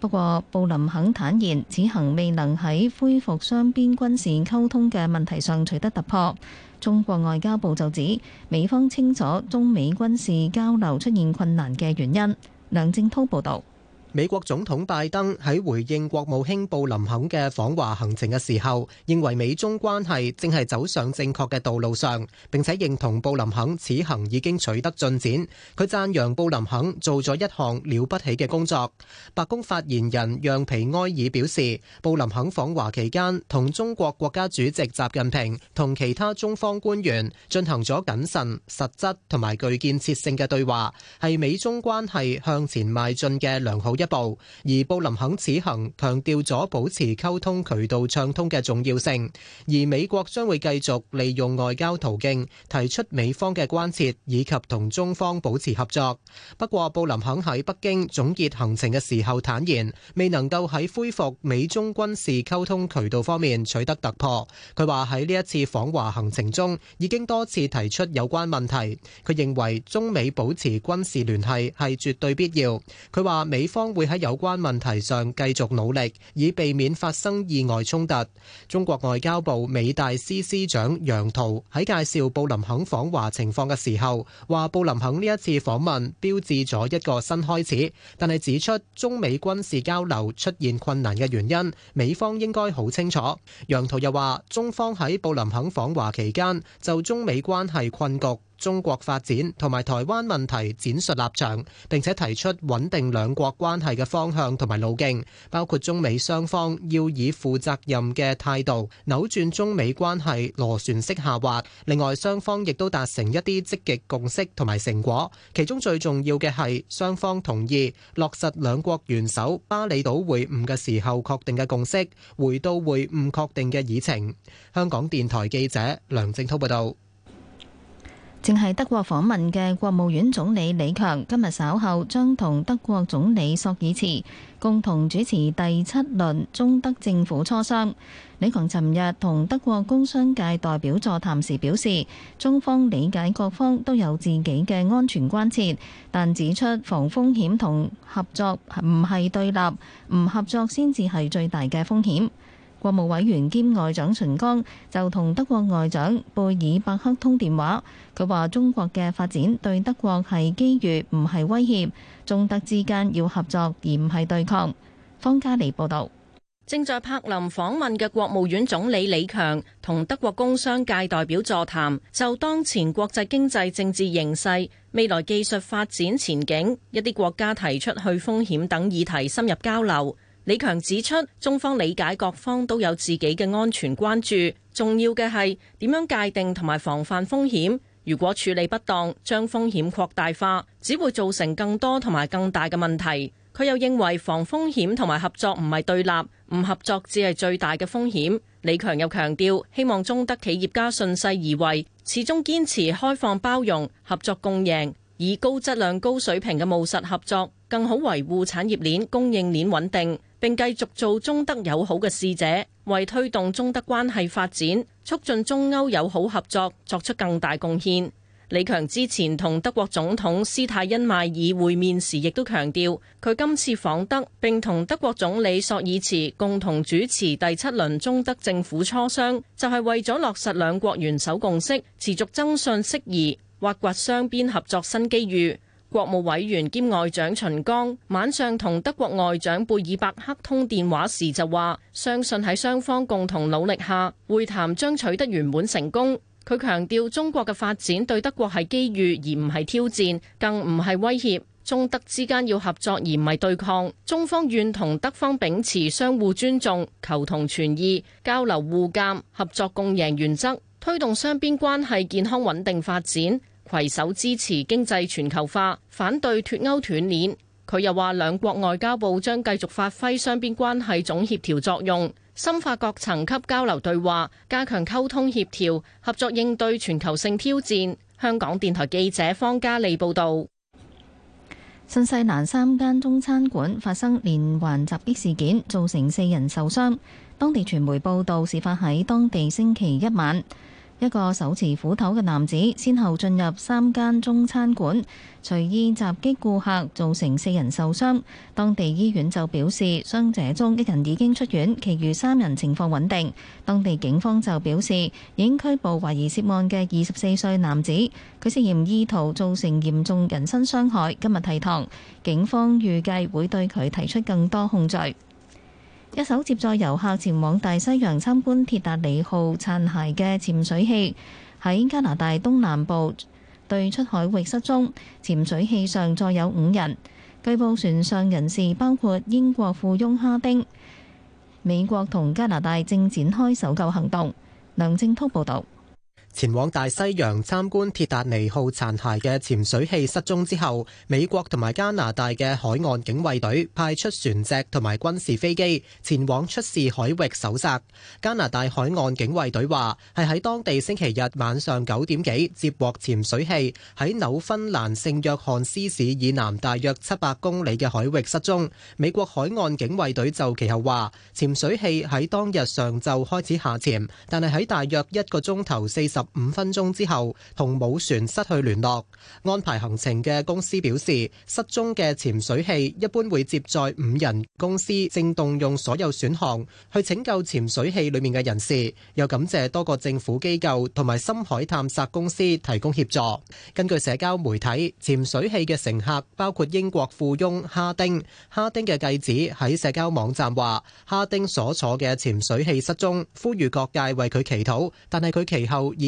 不過，布林肯坦言，此行未能喺恢復雙邊軍事溝通嘅問題上取得突破。中國外交部就指，美方清楚中美軍事交流出現困難嘅原因。梁正滔報導。美國總統拜登喺回應國務卿布林肯嘅訪華行程嘅時候，認為美中關係正係走上正確嘅道路上，並且認同布林肯此行已經取得進展。佢讚揚布林肯做咗一項了不起嘅工作。白宮發言人讓皮埃爾表示，布林肯訪華期間同中國國家主席習近平同其他中方官員進行咗謹慎、實質同埋具建設性嘅對話，係美中關係向前邁進嘅良好一步，而布林肯此行強調咗保持溝通渠道暢通嘅重要性，而美國將會繼續利用外交途徑提出美方嘅關切，以及同中方保持合作。不過，布林肯喺北京總結行程嘅時候坦言，未能夠喺恢復美中軍事溝通渠道方面取得突破。佢話喺呢一次訪華行程中，已經多次提出有關問題。佢認為中美保持軍事聯繫係絕對必要。佢話美方會喺有關問題上繼續努力，以避免發生意外衝突。中國外交部美大司司長楊濤喺介紹布林肯訪華情況嘅時候，話布林肯呢一次訪問標誌咗一個新開始，但係指出中美軍事交流出現困難嘅原因，美方應該好清楚。楊濤又話，中方喺布林肯訪華期間就中美關係困局。中國發展同埋台灣問題展述立場，並且提出穩定兩國關係嘅方向同埋路徑，包括中美雙方要以負責任嘅態度扭轉中美關係螺旋式下滑。另外，雙方亦都達成一啲積極共識同埋成果，其中最重要嘅係雙方同意落實兩國元首巴厘島會晤嘅時候確定嘅共識，回到會晤確定嘅議程。香港電台記者梁正滔報道。正係德國訪問嘅國務院總理李強，今日稍後將同德國總理朔爾茨共同主持第七輪中德政府磋商。李強尋日同德國工商界代表座談時表示，中方理解各方都有自己嘅安全關切，但指出防風險同合作唔係對立，唔合作先至係最大嘅風險。國務委員兼外長秦剛就同德國外長貝爾伯克通電話，佢話中國嘅發展對德國係機遇，唔係威脅，中德之間要合作而唔係對抗。方家莉報道，正在柏林訪問嘅國務院總理李強同德國工商界代表座談，就當前國際經濟政治形勢、未來技術發展前景、一啲國家提出去風險等議題深入交流。李強指出，中方理解各方都有自己嘅安全關注，重要嘅係點樣界定同埋防範風險。如果處理不當，將風險擴大化，只會造成更多同埋更大嘅問題。佢又認為防風險同埋合作唔係對立，唔合作只係最大嘅風險。李強又強調，希望中德企業家順勢而為，始終堅持開放包容、合作共贏，以高質量、高水平嘅務實合作，更好維護產業鏈、供應鏈穩定。並繼續做中德友好嘅使者，為推動中德關係發展、促進中歐友好合作作出更大貢獻。李強之前同德國總統施泰因邁爾會面時，亦都強調，佢今次訪德並同德國總理朔爾茨共同主持第七輪中德政府磋商，就係、是、為咗落實兩國元首共識，持續增信釋疑、挖掘雙邊合作新機遇。國務委員兼外長秦剛晚上同德國外長貝爾伯克通電話時就話，相信喺雙方共同努力下，會談將取得圓滿成功。佢強調，中國嘅發展對德國係機遇而唔係挑戰，更唔係威脅。中德之間要合作而唔係對抗，中方願同德方秉持相互尊重、求同存異、交流互鑒、合作共贏原則，推動雙邊關係健康穩定發展。攜手支持經濟全球化，反對脱歐斷鏈。佢又話，兩國外交部將繼續發揮雙邊關係總協調作用，深化各層級交流對話，加強溝通協調，合作應對全球性挑戰。香港電台記者方嘉利報導。新西蘭三間中餐館發生連環襲擊事件，造成四人受傷。當地傳媒報導，事發喺當地星期一晚。一個手持斧頭嘅男子，先後進入三間中餐館，隨意襲擊顧客，造成四人受傷。當地醫院就表示，傷者中一人已經出院，其餘三人情況穩定。當地警方就表示，已經拘捕懷疑涉，涉案嘅二十四歲男子，佢涉嫌意圖造成嚴重人身傷害，今日提堂。警方預計會對佢提出更多控罪。一艘接載遊客前往大西洋參觀鐵達尼號殘骸嘅潛水器喺加拿大東南部對出海域失蹤，潛水器上載有五人，據報船上人士包括英國富翁哈丁。美國同加拿大正展開搜救行動。梁正濤報道。前往大西洋參觀鐵達尼號殘骸嘅潛水器失蹤之後，美國同埋加拿大嘅海岸警衛隊派出船隻同埋軍事飛機前往出事海域搜索。加拿大海岸警衛隊話係喺當地星期日晚上九點幾接獲潛水器喺紐芬蘭聖約翰斯市以南大約七百公里嘅海域失蹤。美國海岸警衛隊就其後話潛水器喺當日上晝開始下潛，但係喺大約一個鐘頭四十五分鐘之後同母船失去聯絡。安排行程嘅公司表示，失蹤嘅潛水器一般會接載五人。公司正動用所有選項去拯救潛水器裡面嘅人士，又感謝多個政府機構同埋深海探索公司提供協助。根據社交媒體，潛水器嘅乘客包括英國富翁哈丁。哈丁嘅繼子喺社交網站話：哈丁所坐嘅潛水器失蹤，呼籲各界為佢祈禱。但係佢其後二。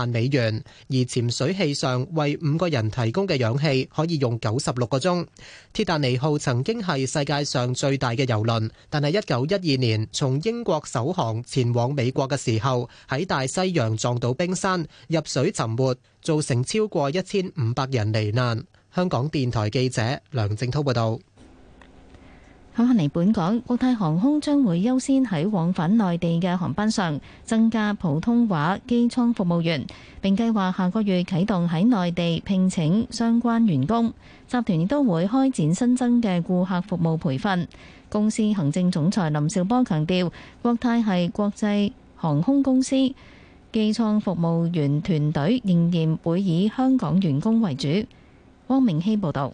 萬美元，而潛水器上為五個人提供嘅氧氣可以用九十六個鐘。鐵達尼號曾經係世界上最大嘅郵輪，但係一九一二年從英國首航前往美國嘅時候，喺大西洋撞到冰山入水沉沒，造成超過一千五百人罹難。香港電台記者梁正濤報道。響嚟本港，國泰航空將會優先喺往返內地嘅航班上增加普通話機艙服務員，並計劃下個月啟動喺內地聘請相關員工。集團亦都會開展新增嘅顧客服務培訓，公司行政總裁林紹波強調國泰係國際航空公司，機艙服務員團隊仍然會以香港員工為主。汪明希報道。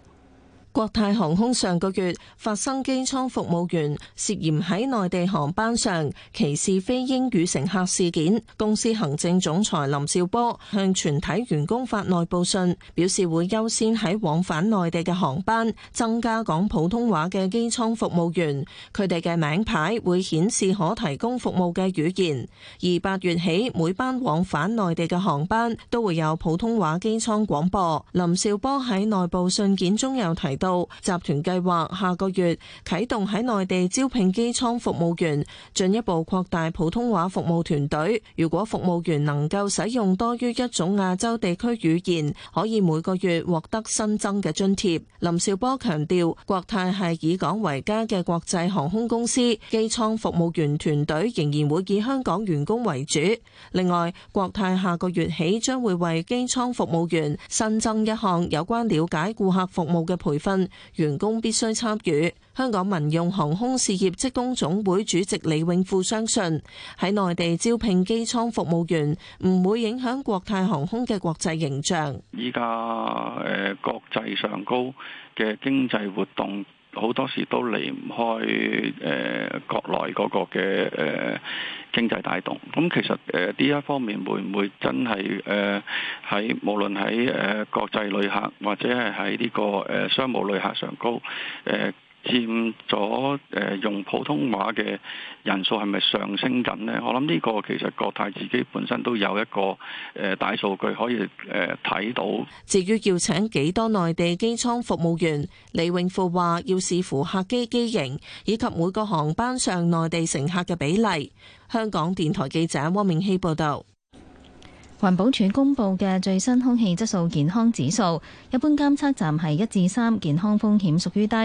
國泰航空上個月發生機艙服務員涉嫌喺內地航班上歧視非英語乘客事件，公司行政總裁林紹波向全體員工發內部信，表示會優先喺往返內地嘅航班增加講普通話嘅機艙服務員，佢哋嘅名牌會顯示可提供服務嘅語言。而八月起，每班往返內地嘅航班都會有普通話機艙廣播。林紹波喺內部信件中有提到。集團計劃下個月啟動喺內地招聘機艙服務員，進一步擴大普通話服務團隊。如果服務員能夠使用多於一種亞洲地區語言，可以每個月獲得新增嘅津貼。林紹波強調，國泰係以港為家嘅國際航空公司，機艙服務員團隊仍然會以香港員工為主。另外，國泰下個月起將會為機艙服務員新增一項有關了解顧客服務嘅培訓。分員工必須參與。香港民用航空事業職工總會主席李永富相信，喺內地招聘機艙服務員唔會影響國泰航空嘅國際形象。依家誒國際上高嘅經濟活動。好多時都離唔開誒、呃、國內嗰個嘅誒經濟帶動，咁其實誒呢、呃、一方面會唔會真係誒喺無論喺誒、呃、國際旅客或者係喺呢個誒、呃、商務旅客上高誒？呃佔咗誒用普通話嘅人數係咪上升緊呢？我諗呢個其實國泰自己本身都有一個誒大數據可以誒睇到。至於要請幾多內地機艙服務員，李永富話要視乎客機機型以及每個航班上內地乘客嘅比例。香港電台記者汪明熙報導。環保署公布嘅最新空氣質素健康指數，一般監測站係一至三，健康風險屬於低；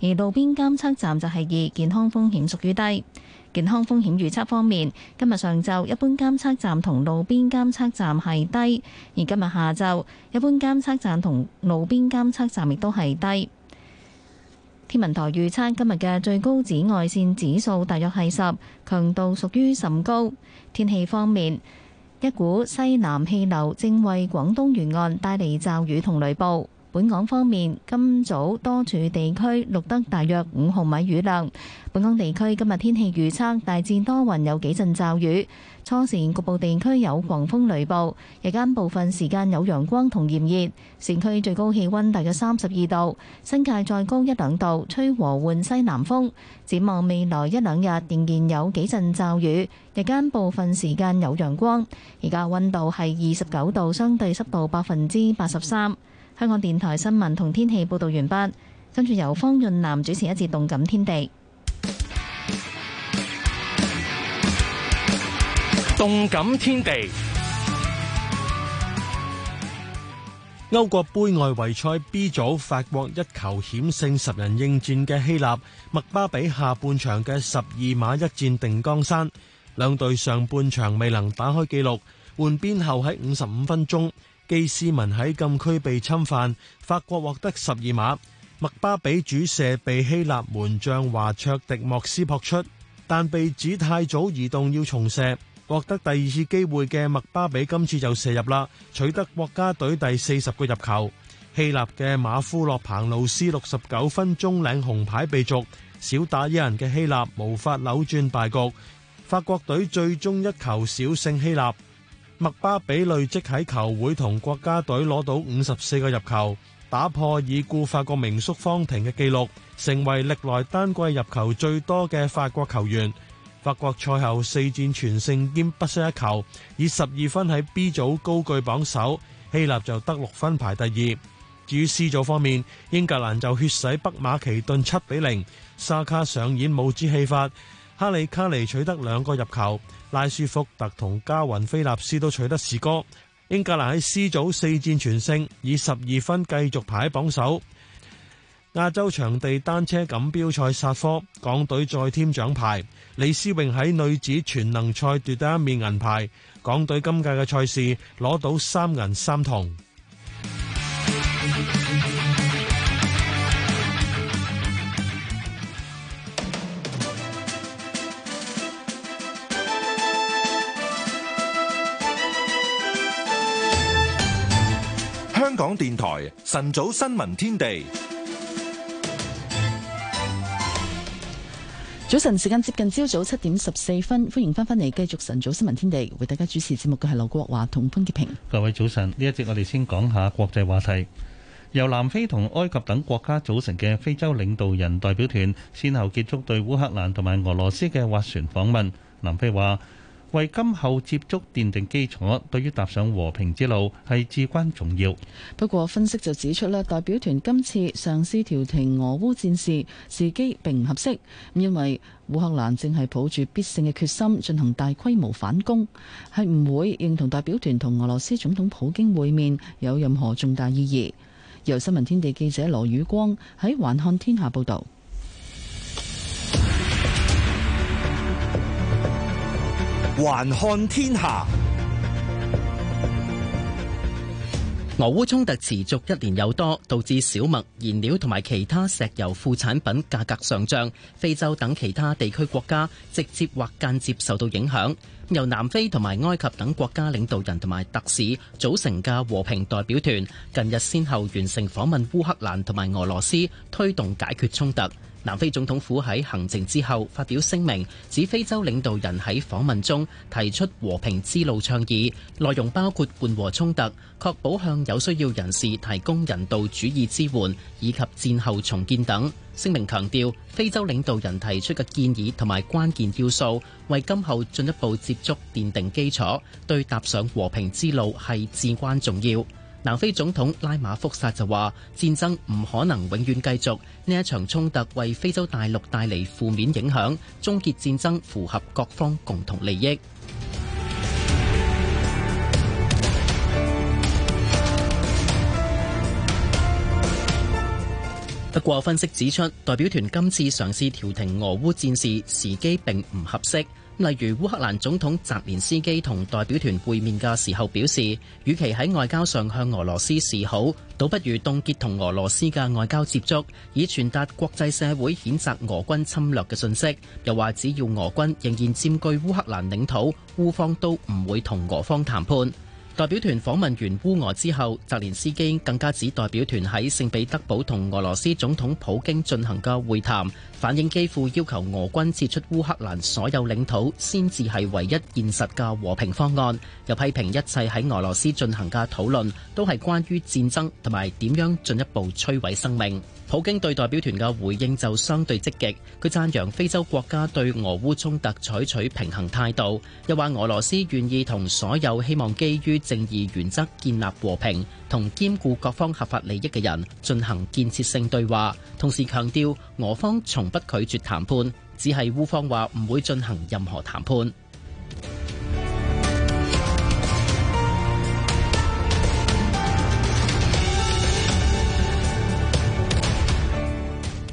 而路邊監測站就係二，健康風險屬於低。健康風險預測方面，今日上晝一般監測站同路邊監測站係低，而今日下晝一般監測站同路邊監測站亦都係低。天文台預測今日嘅最高紫外線指數大約係十，強度屬於甚高。天氣方面。一股西南氣流正為廣東沿岸帶嚟驟雨同雷暴。本港方面，今早多處地區錄得大約五毫米雨量。本港地區今日天氣預測大致多雲，有幾陣驟雨。初時局部地區有狂風雷暴，日間部分時間有陽光同炎熱，市區最高氣温大概三十二度，新界再高一兩度，吹和緩西南風。展望未來一兩日，仍然有幾陣驟雨，日間部分時間有陽光。而家温度係二十九度，相對濕度百分之八十三。香港電台新聞同天氣報導完畢，跟住由方潤南主持一節動感天地。動感天地。歐國盃外圍賽 B 組，法國一球險勝十人應戰嘅希臘。麥巴比下半場嘅十二碼一戰定江山。兩隊上半場未能打開紀錄，換邊後喺五十五分鐘，基斯文喺禁區被侵犯，法國獲得十二碼。麥巴比主射被希臘門將華卓迪莫斯撲出，但被指太早移動要重射。獲得第二次機會嘅麥巴比今次就射入啦，取得國家隊第四十個入球。希臘嘅馬夫洛彭路斯六十九分鐘領紅牌被逐，少打一人嘅希臘無法扭轉敗局。法國隊最終一球小勝希臘。麥巴比累積喺球會同國家隊攞到五十四個入球，打破已故法國名宿方廷嘅紀錄，成為歷來單季入球最多嘅法國球員。法國賽後四戰全勝兼不失一球，以十二分喺 B 組高居榜首。希臘就得六分排第二。至於 C 組方面，英格蘭就血洗北馬其頓七比零，沙卡上演帽子戲法，哈利卡尼取得兩個入球，拉舒福特同加雲菲納斯都取得士歌。英格蘭喺 C 組四戰全勝，以十二分繼續排喺榜首。亞洲場地單車錦標賽殺科，港隊再添獎牌。李思榮喺女子全能賽奪得一面銀牌，港隊今屆嘅賽事攞到三銀三銅。香港電台晨早新聞天地。早晨，時間接近朝早七點十四分，歡迎翻返嚟繼續晨早新聞天地，為大家主持節目嘅係劉國華同潘潔平。各位早晨，呢一節我哋先講下國際話題。由南非同埃及等國家組成嘅非洲領導人代表團，先後結束對烏克蘭同埋俄羅斯嘅划船訪問。南非話，為今後接觸奠定基礎，對於踏上和平之路係至關重要。不過分析就指出咧，代表團今次嘗試調停俄烏戰事時機並唔合適，因為烏克蘭正係抱住必勝嘅決心進行大規模反攻，係唔會認同代表團同俄羅斯總統普京會面有任何重大意義。由新聞天地記者羅宇光喺環看天下報道。還看天下，俄烏衝突持續一年有多，導致小麥、燃料同埋其他石油副產品價格上漲，非洲等其他地區國家直接或間接受到影響。由南非同埋埃及等國家領導人同埋特使組成嘅和平代表團，近日先後完成訪問烏克蘭同埋俄羅斯，推動解決衝突。南非總統府喺行程之後發表聲明，指非洲領導人喺訪問中提出和平之路倡議，內容包括緩和衝突、確保向有需要人士提供人道主義支援以及戰後重建等。聲明強調，非洲領導人提出嘅建議同埋關鍵要素，為今後進一步接觸奠定基礎，對踏上和平之路係至關重要。南非總統拉馬福薩就話：戰爭唔可能永遠繼續，呢一場衝突為非洲大陸帶嚟負面影響，終結戰爭符合各方共同利益。 不過分析指出，代表團今次嘗試調停俄烏戰事，時機並唔合適。例如烏克蘭總統澤連斯基同代表團會面嘅時候表示，與其喺外交上向俄羅斯示好，倒不如凍結同俄羅斯嘅外交接觸，以傳達國際社會譴責俄軍侵略嘅信息。又話只要俄軍仍然佔據烏克蘭領土，烏方都唔會同俄方談判。代表團訪問完烏俄之後，澤連斯基更加指代表團喺聖彼得堡同俄羅斯總統普京進行嘅會談。反映基輔要求俄軍撤出烏克蘭所有領土，先至係唯一現實嘅和平方案。又批評一切喺俄羅斯進行嘅討論，都係關於戰爭同埋點樣進一步摧毀生命。普京對代表團嘅回應就相對積極，佢讚揚非洲國家對俄烏衝突採取平衡態度，又話俄羅斯願意同所有希望基於正義原則建立和平同兼顧各方合法利益嘅人進行建設性對話。同時強調俄方從不拒絕談判，只係烏方話唔會進行任何談判。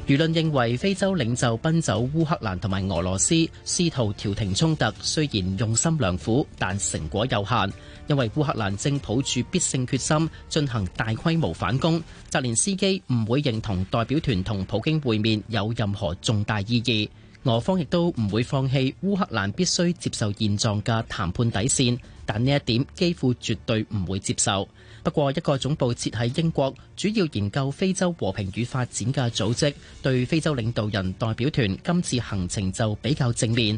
輿論認為非洲領袖奔走烏克蘭同埋俄羅斯，試圖調停衝突，雖然用心良苦，但成果有限。因為烏克蘭正抱住必勝決心進行大規模反攻，澤連斯基唔會認同代表團同普京會面有任何重大意義。俄方亦都唔會放棄烏克蘭必須接受現狀嘅談判底線，但呢一點幾乎絕對唔會接受。不過一個總部設喺英國、主要研究非洲和平與發展嘅組織，對非洲領導人代表團今次行程就比較正面。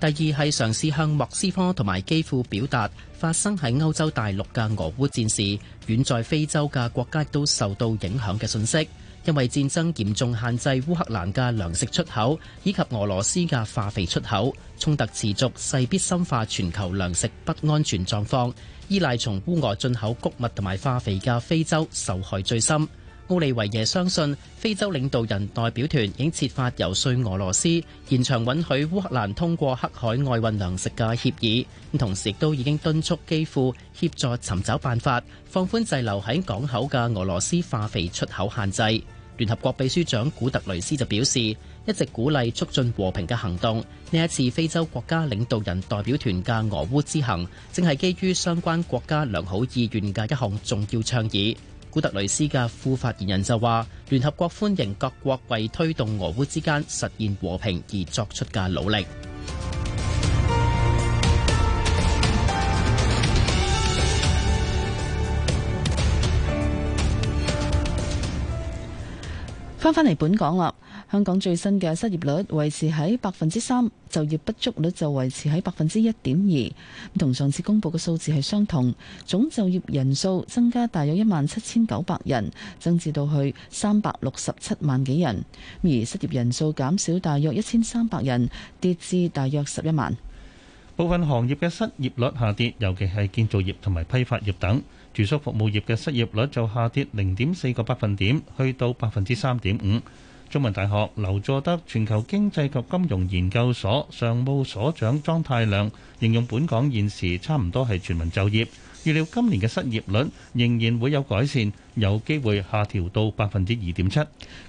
第二係嘗試向莫斯科同埋基輔表達發生喺歐洲大陸嘅俄烏戰事，遠在非洲嘅國家亦都受到影響嘅信息。因為戰爭嚴重限制烏克蘭嘅糧食出口，以及俄羅斯嘅化肥出口，衝突持續，勢必深化全球糧食不安全狀況。依賴從烏外進口谷物同埋化肥嘅非洲受害最深。奧利維耶相信非洲領導人代表團已經設法游說俄羅斯延長允許烏克蘭通過黑海外運糧食嘅協議，同時亦都已經敦促基輔協助尋找辦法放寬滯留喺港口嘅俄羅斯化肥出口限制。聯合國秘書長古特雷斯就表示，一直鼓勵促進和平嘅行動，呢一次非洲國家領導人代表團嘅俄烏之行正係基於相關國家良好意願嘅一項重要倡議。古特雷斯嘅副發言人就話，聯合國歡迎各國為推動俄烏之間實現和平而作出嘅努力。翻返嚟本港啦，香港最新嘅失業率維持喺百分之三，就業不足率就維持喺百分之一點二，同上次公佈嘅數字係相同。總就業人數增加大約一萬七千九百人，增至到去三百六十七萬幾人，而失業人數減少大約一千三百人，跌至大約十一萬。部分行業嘅失業率下跌，尤其係建造業同埋批發業等。住宿服務業嘅失業率就下跌零點四個百分點，去到百分之三點五。中文大學劉佐德全球經濟及金融研究所常務所長莊太量形容，本港現時差唔多係全民就業。預料今年嘅失業率仍然會有改善，有機會下調到百分之二點七。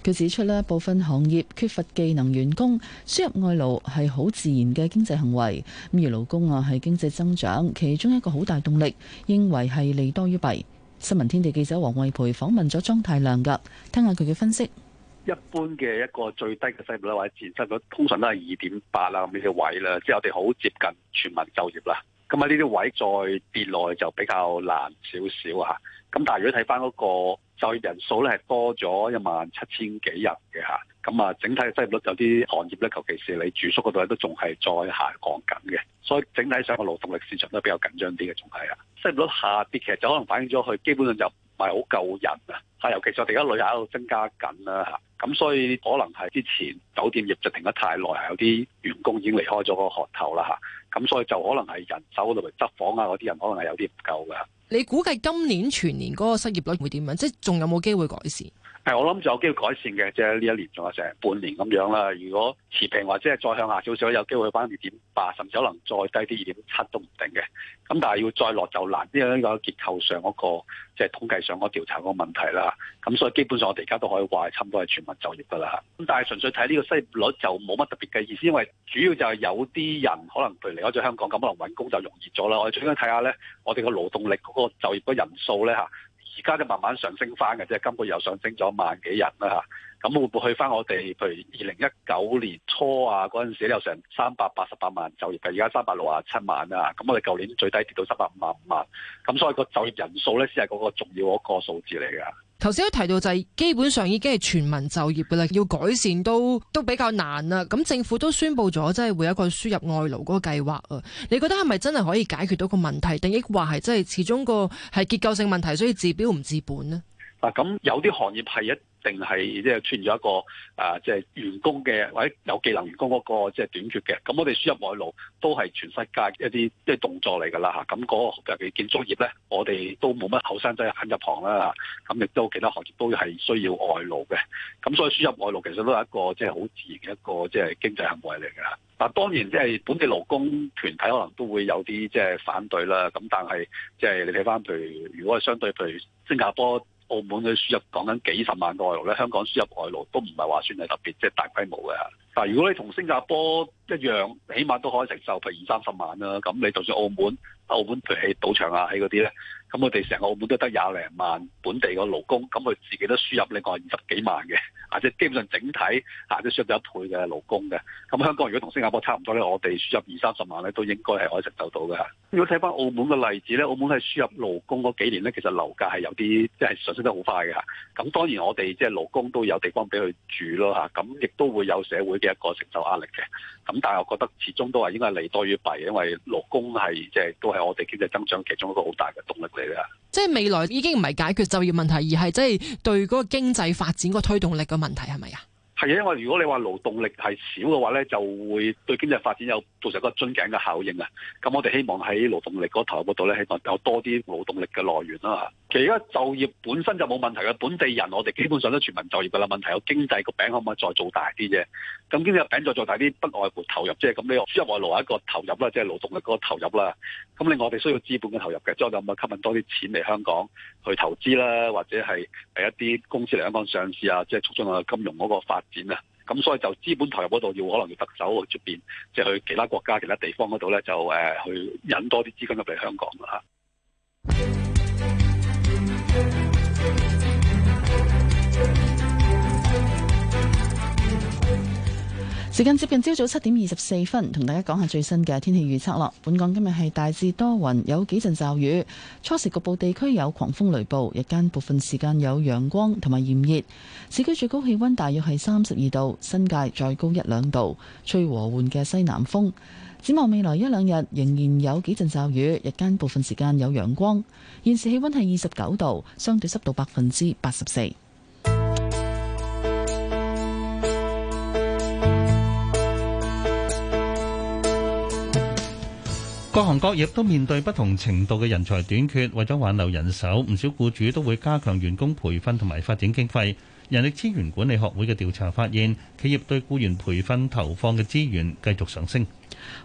佢指出咧，部分行業缺乏技能員工，輸入外勞係好自然嘅經濟行為。咁而勞工啊係經濟增長其中一個好大動力，認為係利多於弊。新聞天地記者黃惠培訪問咗莊太亮㗎，聽下佢嘅分析。一般嘅一個最低嘅失業率咧，或者自然失業率通常都係二點八啦，咁呢個位啦，即係我哋好接近全民就業啦。咁啊，呢啲位再跌落去就比較難少少嚇。咁但係如果睇翻嗰個就業人數咧，係多咗一萬七千幾人嘅吓。咁啊，整體嘅失業率有啲行業咧，尤其是你住宿嗰度都仲係再下降緊嘅。所以整體上個勞動力市場都比較緊張啲嘅，仲係啊。失業率下跌，其實就可能反映咗佢基本上就唔係好夠人啊，吓，尤其是我哋而家旅客喺度增加緊啦，吓、啊，咁、啊啊啊、所以可能係之前酒店業就停得太耐，有啲員工已經離開咗個學頭啦，吓、啊，咁、啊啊、所以就可能係人手度嚟執房啊嗰啲人可能係有啲唔夠噶。你估計今年全年嗰個失業率會點樣？即係仲有冇機會改善？係，我諗仲有機會改善嘅，即係呢一年仲有成半年咁樣啦。如果持平或者係再向下少少，有機會去返二點八，甚至可能再低啲二點七都唔定嘅。咁但係要再落就難，呢一個結構上嗰個即係統計上嗰調查個問題啦。咁所以基本上我哋而家都可以話係差唔多係全民就業㗎啦。咁但係純粹睇呢個失業率就冇乜特別嘅意思，因為主要就係有啲人可能佢離開咗香港咁，可能揾工就容易咗啦。我哋最應該睇下咧，我哋個勞動力嗰個就業嘅人數咧嚇。而家就慢慢上升翻嘅，即係今個月又上升咗萬幾人啦嚇。咁、啊、會唔會去翻我哋？譬如二零一九年初啊，嗰陣時有成三百八十八萬就業嘅，而家三百六啊七萬啦。咁我哋舊年最低跌到三百五啊五萬。咁所以個就業人數咧，先係嗰個重要嗰個數字嚟嘅。頭先都提到就係基本上已經係全民就業嘅啦，要改善都都比較難啦。咁政府都宣布咗，即係會有一個輸入外勞嗰個計劃啊。你覺得係咪真係可以解決到個問題，定抑或係真係始終個係結構性問題，所以治標唔治本呢？嗱、啊，咁有啲行業係一。定係即係出現咗一個啊，即係員工嘅或者有技能員工嗰個即係短缺嘅，咁我哋輸入外勞都係全世界一啲即係動作嚟㗎啦嚇，咁嗰個特別建築業咧，我哋都冇乜後生仔肯入行啦嚇，咁亦都其他行業都係需要外勞嘅，咁所以輸入外勞其實都係一個即係好自然嘅一個即係經濟行為嚟㗎啦。嗱，當然即係本地勞工團體可能都會有啲即係反對啦，咁但係即係你睇翻譬如如果係相對譬如新加坡。澳門嘅輸入講緊幾十萬個外勞咧，香港輸入外勞都唔係話算係特別，即係大規模嘅。但係如果你同新加坡一樣，起碼都可以承受，譬如二三十萬啦。咁你就算澳門，澳門譬如賭場啊，嗰啲咧。咁我哋成個澳門都得廿零萬本地個勞工，咁佢自己都輸入另外二十幾萬嘅，啊即係基本上整體嚇都輸入咗一倍嘅勞工嘅。咁香港如果同新加坡差唔多咧，我哋輸入二三十萬咧，都應該係可以承受到嘅嚇。如果睇翻澳門嘅例子咧，澳門係輸入勞工嗰幾年咧，其實樓價係有啲即係上升得好快嘅嚇。咁當然我哋即係勞工都有地方俾佢住咯嚇，咁亦都會有社會嘅一個承受壓力嘅。咁但係我覺得始終都係應該係利多於弊，因為勞工係即係都係我哋經濟增長其中一個好大嘅動力嚟嘅。即係未來已經唔係解決就業問題，而係即係對嗰個經濟發展個推動力嘅問題係咪啊？係啊，因為如果你話勞動力係少嘅話咧，就會對經濟發展有造成一個樽頸嘅效應啊。咁我哋希望喺勞動力嗰頭嗰度咧，希望有多啲勞動力嘅來源啦。而家就業本身就冇問題嘅本地人，我哋基本上都全民就業噶啦。問題有經濟個餅可唔可以再做大啲啫？咁經濟個餅再做大啲，不外乎投入，即係咁呢？一外勞一個投入啦，即係勞動力嗰個投入啦。咁另外，我哋需要資本嘅投入嘅，即係我哋可唔可以吸引多啲錢嚟香港去投資啦，或者係係一啲公司嚟香港上市啊，即係促進我哋金融嗰個發展啊。咁所以就資本投入嗰度要可能要特首出面，即係去其他國家、其他地方嗰度咧，就誒去引多啲資金入嚟香港啦。時間接近朝早七點二十四分，同大家講下最新嘅天氣預測咯。本港今日係大致多雲，有幾陣驟雨，初時局部地區有狂風雷暴，日間部分時間有陽光同埋炎熱。市區最高氣温大約係三十二度，新界再高一兩度。吹和緩嘅西南風。展望未來一兩日，仍然有幾陣驟雨，日間部分時間有陽光。現時氣温係二十九度，相對濕度百分之八十四。各行各業都面對不同程度嘅人才短缺，為咗挽留人手，唔少僱主都會加強員工培訓同埋發展經費。人力資源管理學會嘅調查發現，企業對僱員培訓投放嘅資源繼續上升。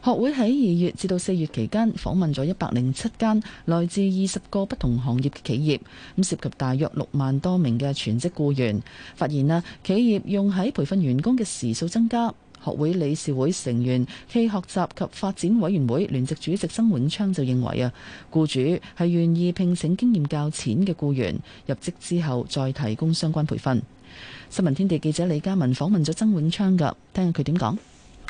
學會喺二月至到四月期間，訪問咗一百零七間來自二十個不同行業嘅企業，咁涉及大約六萬多名嘅全職僱員。發現啊，企業用喺培訓員工嘅時數增加。學會理事會成員暨學習及發展委員會聯席主席曾永昌就認為啊，僱主係願意聘請經驗較淺嘅僱員入職之後再提供相關培訓。新聞天地記者李嘉文訪問咗曾永昌㗎，聽下佢點講。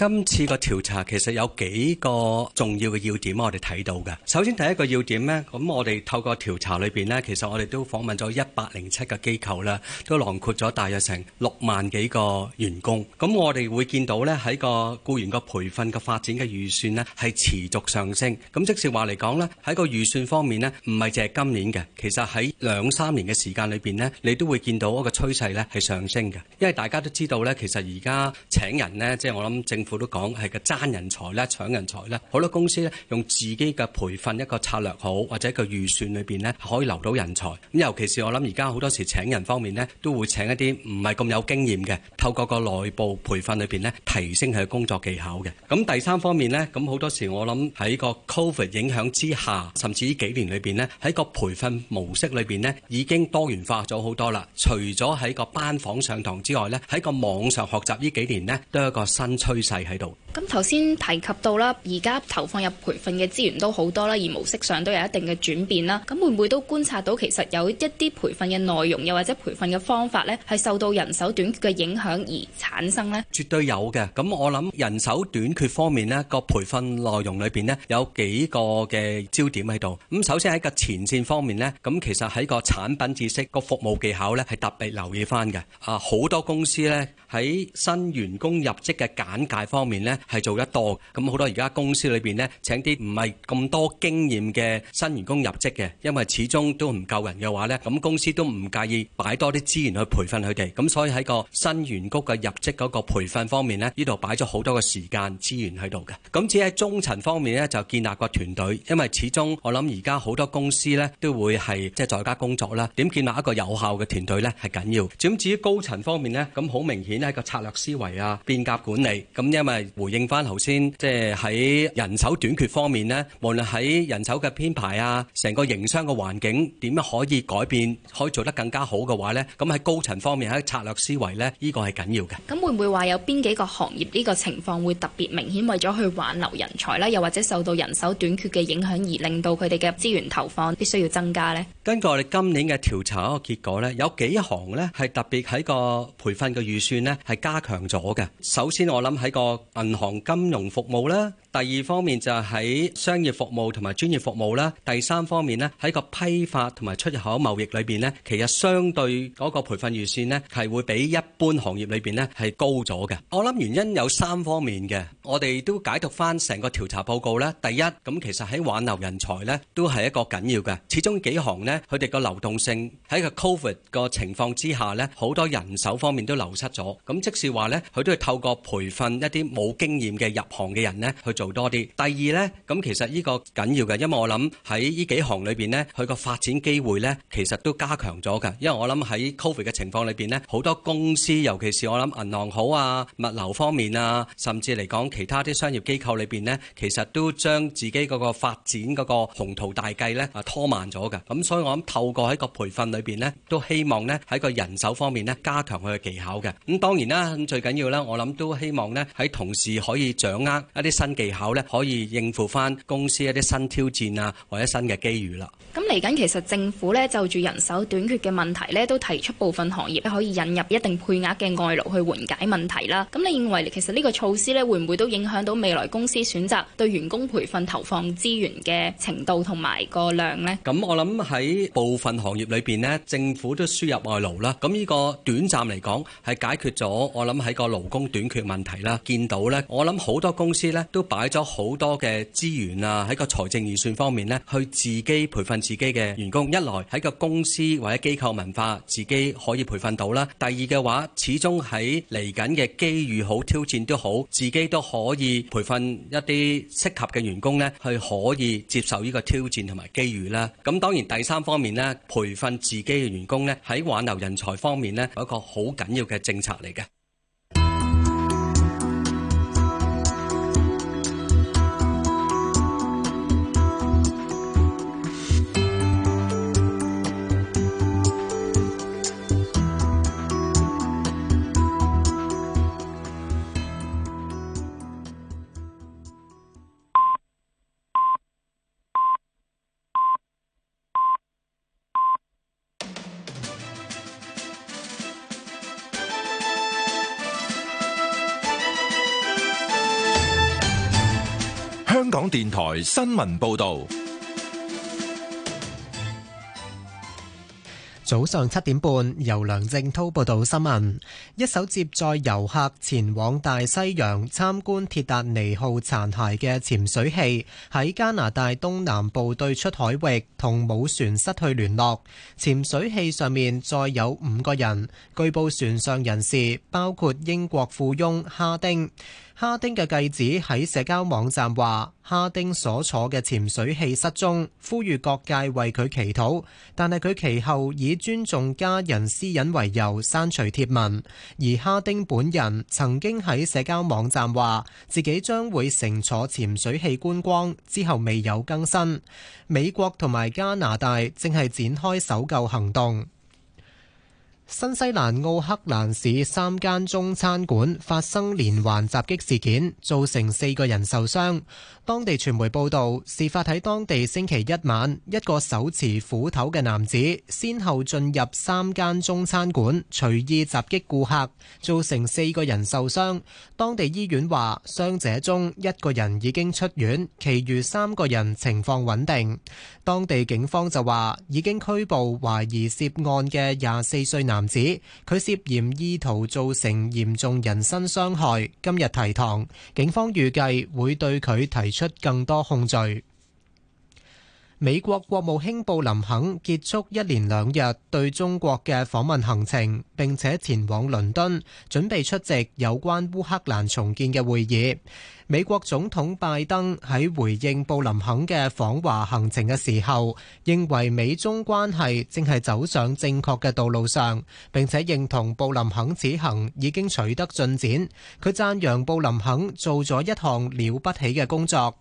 今次個調查其實有幾個重要嘅要點，我哋睇到嘅。首先第一個要點呢，咁我哋透過調查裏邊呢，其實我哋都訪問咗一百零七個機構啦，都囊括咗大約成六萬幾個員工。咁我哋會見到呢，喺個僱員個培訓嘅發展嘅預算呢係持續上升。咁即係話嚟講呢，喺個預算方面呢，唔係淨係今年嘅，其實喺兩三年嘅時間裏邊呢，你都會見到嗰個趨勢呢係上升嘅。因為大家都知道呢，其實而家請人呢，即係我諗政。我都講係個爭人才咧、搶人才咧，好多公司咧，用自己嘅培訓一個策略好，或者個預算裏邊咧可以留到人才。咁尤其是我諗而家好多時請人方面呢，都會請一啲唔係咁有經驗嘅，透過個內部培訓裏邊咧，提升佢工作技巧嘅。咁第三方面呢，咁好多時我諗喺個 Covid 影響之下，甚至呢幾年裏邊呢，喺個培訓模式裏邊呢已經多元化咗好多啦。除咗喺個班房上堂之外呢，喺個網上學習呢幾年呢都有一個新趨勢。係喺度。咁頭先提及到啦，而家投放入培訓嘅資源都好多啦，而模式上都有一定嘅轉變啦。咁會唔會都觀察到其實有一啲培訓嘅內容，又或者培訓嘅方法呢，係受到人手短缺嘅影響而產生呢？絕對有嘅。咁我諗人手短缺方面呢，個培訓內容裏邊呢有幾個嘅焦點喺度。咁首先喺個前線方面呢，咁其實喺個產品知識、個服務技巧呢係特別留意返嘅。啊，好多公司呢。喺新員工入職嘅簡介方面咧，係做得多嘅。咁好多而家公司裏邊咧，請啲唔係咁多經驗嘅新員工入職嘅，因為始終都唔夠人嘅話咧，咁公司都唔介意擺多啲資源去培訓佢哋。咁所以喺個新員工嘅入職嗰個培訓方面咧，呢度擺咗好多嘅時間資源喺度嘅。咁至於喺中層方面咧，就建立個團隊，因為始終我諗而家好多公司咧都會係即係在家工作啦。點建立一個有效嘅團隊咧係緊要。咁至於高層方面咧，咁好明顯。呢一個策略思維啊，變革管理。咁因為回應翻頭先，即係喺人手短缺方面咧，無論喺人手嘅編排啊，成個營商嘅環境點樣可以改變，可以做得更加好嘅話咧，咁喺高層方面喺策略思維咧，呢個係緊要嘅。咁會唔會話有邊幾個行業呢個情況會特別明顯，為咗去挽留人才啦，又或者受到人手短缺嘅影響而令到佢哋嘅資源投放必須要增加咧？根據我哋今年嘅調查嗰個結果咧，有幾行咧係特別喺個培訓嘅預算咧。係加強咗嘅。首先，我諗喺個銀行金融服務咧。第二方面就係喺商業服務同埋專業服務啦，第三方面咧喺個批發同埋出入口貿易裏邊咧，其實相對嗰個培訓預算咧係會比一般行業裏邊咧係高咗嘅。我諗原因有三方面嘅，我哋都解讀翻成個調查報告咧。第一，咁其實喺挽留人才咧都係一個緊要嘅。始終幾行咧，佢哋個流動性喺個 COVID 個情況之下咧，好多人手方面都流失咗。咁即是話咧，佢都要透過培訓一啲冇經驗嘅入行嘅人咧去。做多啲。第二咧，咁其實呢個緊要嘅，因為我諗喺呢幾行裏邊咧，佢個發展機會咧，其實都加強咗嘅。因為我諗喺 Covid 嘅情況裏邊咧，好多公司，尤其是我諗銀行好啊、物流方面啊，甚至嚟講其他啲商業機構裏邊咧，其實都將自己嗰個發展嗰個宏圖大計咧啊拖慢咗嘅。咁所以我諗透過喺個培訓裏邊咧，都希望咧喺個人手方面咧加強佢嘅技巧嘅。咁當然啦，咁最緊要咧，我諗都希望咧喺同事可以掌握一啲新技。考咧可以應付翻公司一啲新挑戰啊，或者新嘅機遇啦。咁嚟緊其實政府咧就住人手短缺嘅問題咧，都提出部分行業咧可以引入一定配額嘅外勞去緩解問題啦。咁你認為其實呢個措施咧，會唔會都影響到未來公司選擇對員工培訓投放資源嘅程度同埋個量咧？咁我諗喺部分行業裏邊咧，政府都輸入外勞啦。咁呢個短暫嚟講，係解決咗我諗喺個勞工短缺問題啦。見到咧，我諗好多公司咧都把買咗好多嘅資源啊，喺個財政預算方面呢，去自己培訓自己嘅員工。一來喺個公司或者機構文化，自己可以培訓到啦。第二嘅話，始終喺嚟緊嘅機遇好挑戰都好，自己都可以培訓一啲適合嘅員工呢，去可以接受呢個挑戰同埋機遇啦。咁當然第三方面呢，培訓自己嘅員工呢，喺挽留人才方面呢，有一個好緊要嘅政策嚟嘅。香港電台新聞報道，早上七點半，由梁正濤報道新聞。一艘接載遊客前往大西洋參觀鐵達尼號殘骸嘅潛水器，喺加拿大東南部對出海域同母船失去聯絡。潛水器上面載有五個人，據報船上人士包括英國富翁哈丁。哈丁嘅繼子喺社交網站話：哈丁所坐嘅潛水器失蹤，呼籲各界為佢祈禱。但係佢其後以尊重家人私隱為由刪除貼文。而哈丁本人曾經喺社交網站話自己將會乘坐潛水器觀光，之後未有更新。美國同埋加拿大正係展開搜救行動。新西蘭奧克蘭市三間中餐館發生連環襲擊事件，造成四個人受傷。當地傳媒報道，事發喺當地星期一晚，一個手持斧頭嘅男子先後進入三間中餐館，隨意襲擊顧客，造成四個人受傷。當地醫院話，傷者中一個人已經出院，其餘三個人情況穩定。當地警方就話，已經拘捕懷疑涉,涉案嘅廿四歲男。男子佢涉嫌意圖造成嚴重人身傷害，今日提堂，警方預計會對佢提出更多控罪。美國國務卿布林肯結束一連兩日對中國嘅訪問行程，並且前往倫敦準備出席有關烏克蘭重建嘅會議。美國總統拜登喺回應布林肯嘅訪華行程嘅時候，認為美中關係正係走上正確嘅道路上，並且認同布林肯此行已經取得進展。佢讚揚布林肯做咗一項了不起嘅工作。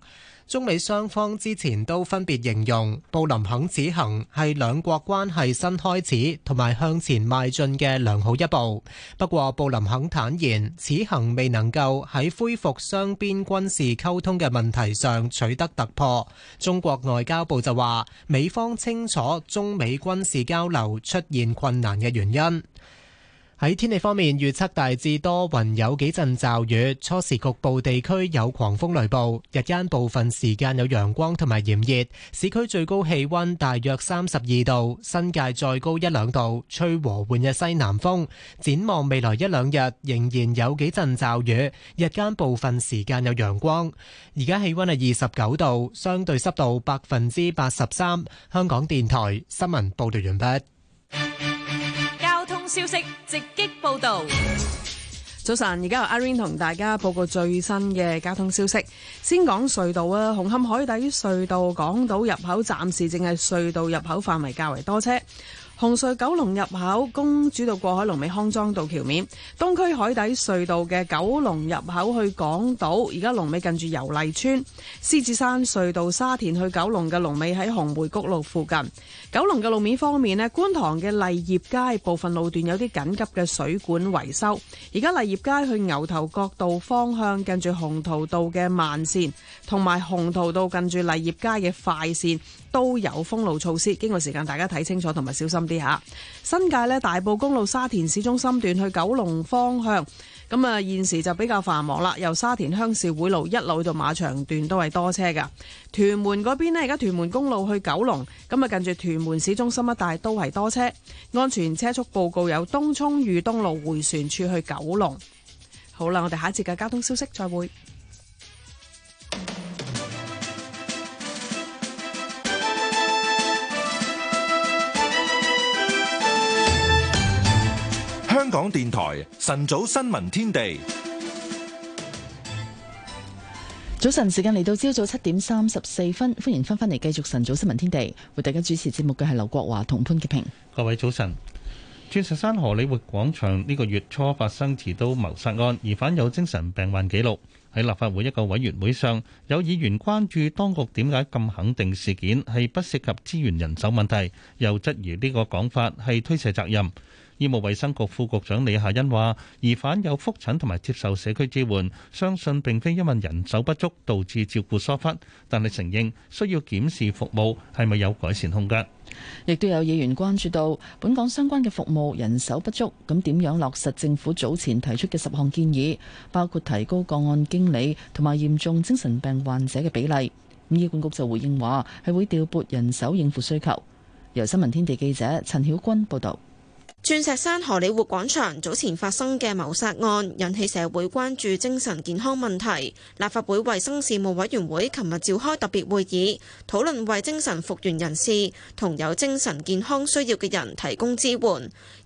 中美雙方之前都分別形容布林肯此行係兩國關係新開始同埋向前邁進嘅良好一步。不過，布林肯坦言此行未能夠喺恢復雙邊軍事溝通嘅問題上取得突破。中國外交部就話，美方清楚中美軍事交流出現困難嘅原因。喺天氣方面預測大致多雲有幾陣驟雨，初時局部地區有狂風雷暴，日間部分時間有陽光同埋炎熱。市區最高氣溫大約三十二度，新界再高一兩度，吹和緩嘅西南風。展望未來一兩日仍然有幾陣驟雨，日間部分時間有陽光。而家氣溫係二十九度，相對濕度百分之八十三。香港電台新聞報道完畢。消息直擊報道。早晨，而家由 Irene 同大家報告最新嘅交通消息。先講隧道啊，紅磡海底隧道港島入口暫時淨係隧道入口範圍較為多車。紅隧九龍入口，公主道過海龍尾康莊道橋面；東區海底隧道嘅九龍入口去港島，而家龍尾近住油麗邨；獅子山隧道沙田去九龍嘅龍尾喺紅梅谷路附近。九龍嘅路面方面咧，觀塘嘅勵業街部分路段有啲緊急嘅水管維修，而家勵業街去牛頭角道方向近住鴻圖道嘅慢線，同埋鴻圖道近住勵業街嘅快線，都有封路措施，經過時間大家睇清楚同埋小心啲吓。新界咧，大埔公路沙田市中心段去九龍方向，咁啊現時就比較繁忙啦，由沙田鄉事會路一路到馬場段都係多車噶。屯門嗰邊呢，而家屯門公路去九龍，咁啊近住屯門市中心一帶都係多車。安全車速報告有東涌裕東路迴旋處去九龍。好啦，我哋下一節嘅交通消息再會。香港電台晨早新聞天地，早晨時間嚟到朝早七點三十四分，歡迎翻返嚟繼續晨早新聞天地，為大家主持節目嘅係劉國華同潘潔平。各位早晨。鑽石山荷里活廣場呢個月初發生持刀謀殺案，疑犯有精神病患記錄。喺立法會一個委員會上，有議員關注當局點解咁肯定事件係不涉及資源人手問題，又質疑呢個講法係推卸責任。醫務衛生局副局長李夏欣話：疑犯有覆診同埋接受社區支援，相信並非因為人手不足導致照顧疏忽，但係承認需要檢視服務係咪有改善空間。亦都有議員關注到，本港相關嘅服務人手不足，咁點樣落實政府早前提出嘅十項建議，包括提高個案經理同埋嚴重精神病患者嘅比例。咁，醫管局就回應話係會調撥人手應付需求。由新聞天地記者陳曉君報道。鑽石山荷里活廣場早前發生嘅謀殺案，引起社會關注精神健康問題。立法會衛生事務委員會琴日召開特別會議，討論為精神復原人士同有精神健康需要嘅人提供支援。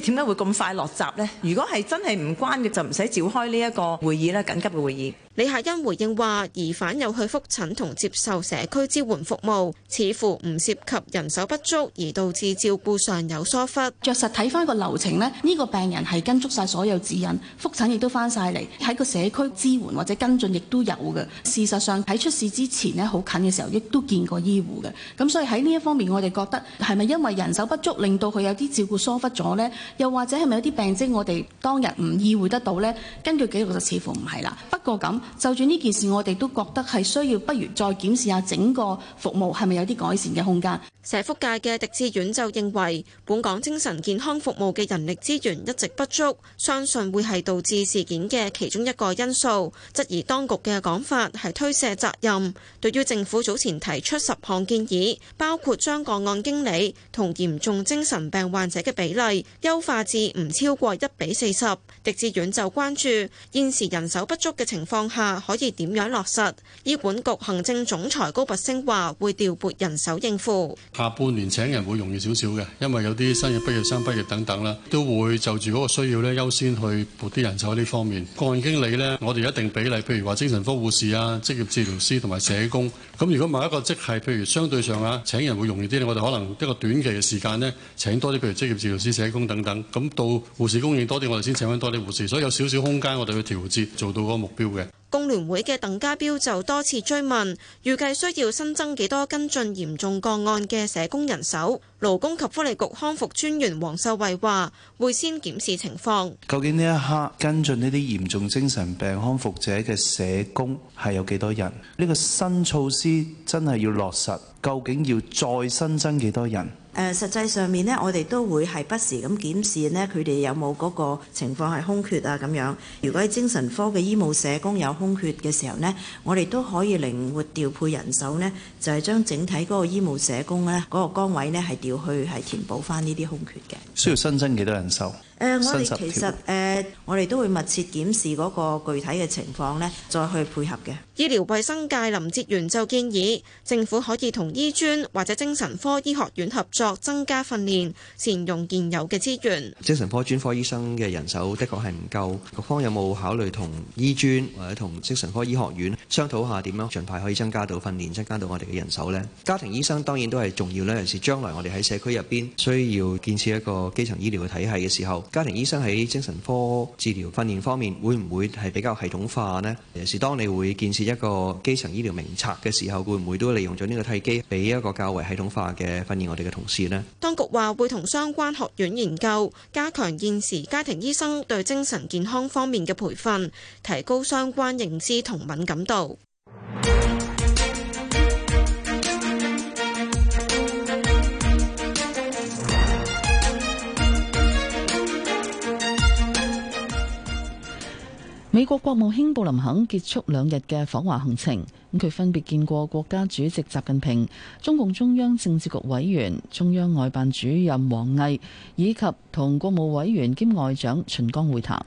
點解會咁快落閘咧？如果係真係唔關嘅，就唔使召開呢一個會議啦，緊急嘅會議。李夏欣回應話：疑犯有去複診同接受社區支援服務，似乎唔涉及人手不足而導致照顧上有疏忽。着實睇翻個流程呢，呢、呢個病人係跟足晒所有指引，複診亦都翻晒嚟，喺個社區支援或者跟進亦都有嘅。事實上喺出事之前呢，好近嘅時候亦都見過醫護嘅。咁所以喺呢一方面，我哋覺得係咪因為人手不足令到佢有啲照顧疏忽咗呢？又或者係咪有啲病徵我哋當日唔意會得到呢？根據記錄就似乎唔係啦。不過咁。就住呢件事，我哋都覺得係需要，不如再檢視下整個服務係咪有啲改善嘅空間。社福界嘅狄志遠就認為本港精神健康服務嘅人力資源一直不足，相信會係導致事件嘅其中一個因素，質疑當局嘅講法係推卸責任。對於政府早前提出十項建議，包括將個案經理同嚴重精神病患者嘅比例優化至唔超過一比四十，狄志遠就關注現時人手不足嘅情況。下可以點樣落實？醫管局行政總裁高拔昇話：會調撥人手應付。下半年請人會容易少少嘅，因為有啲新嘅畢業生畢業等等啦，都會就住嗰個需要呢優先去撥啲人手喺呢方面。個案經理呢，我哋一定比例，譬如話精神科護士啊、職業治療師同埋社工。咁如果某一個職系，譬如相對上啊請人會容易啲，我哋可能一個短期嘅時間呢，請多啲，譬如職業治療師、社工等等。咁到護士供應多啲，我哋先請翻多啲護士。所以有少少空間，我哋去調節做到嗰個目標嘅。工聯會嘅鄧家彪就多次追問，預計需要新增幾多跟進嚴重個案嘅社工人手？勞工及福利局康復專員黃秀慧話：會先檢視情況。究竟呢一刻跟進呢啲嚴重精神病康復者嘅社工係有幾多人？呢個新措施真係要落實，究竟要再新增幾多人？誒實際上面呢，我哋都會係不時咁檢視呢，佢哋有冇嗰個情況係空缺啊，咁樣。如果喺精神科嘅醫務社工有空缺嘅時候呢，我哋都可以靈活調配人手呢就係、是、將整體嗰個醫務社工呢，嗰個崗位呢係調去係填補翻呢啲空缺嘅。需要新增幾多人手？誒、呃，我哋其實誒、呃，我哋都會密切檢視嗰個具體嘅情況咧，再去配合嘅。醫療衞生界林哲源就建議政府可以同醫專或者精神科醫學院合作，增加訓練，善用現有嘅資源。精神科專科醫生嘅人手，的確係唔夠。局方有冇考慮同醫專或者同精神科醫學院商討下點樣盡快可以增加到訓練，增加到我哋嘅人手呢？家庭醫生當然都係重要咧，尤其是將來我哋喺社區入邊需要建設一個基層醫療嘅體系嘅時候。家庭醫生喺精神科治療訓練方面，會唔會係比較系統化呢？尤其是當你會建設一個基層醫療名冊嘅時候，會唔會都利用咗呢個契機，俾一個較為系統化嘅訓練我哋嘅同事呢？當局話會同相關學院研究，加強現時家庭醫生對精神健康方面嘅培訓，提高相關認知同敏感度。美國國務卿布林肯結束兩日嘅訪華行程，咁佢分別見過國家主席習近平、中共中央政治局委員、中央外辦主任王毅，以及同國務委員兼外長秦剛會談。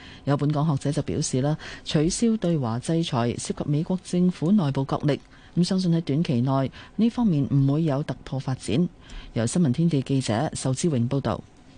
有本港學者就表示啦，取消對華制裁涉及美國政府內部角力，咁相信喺短期內呢方面唔會有突破發展。由新聞天地記者仇之永報道。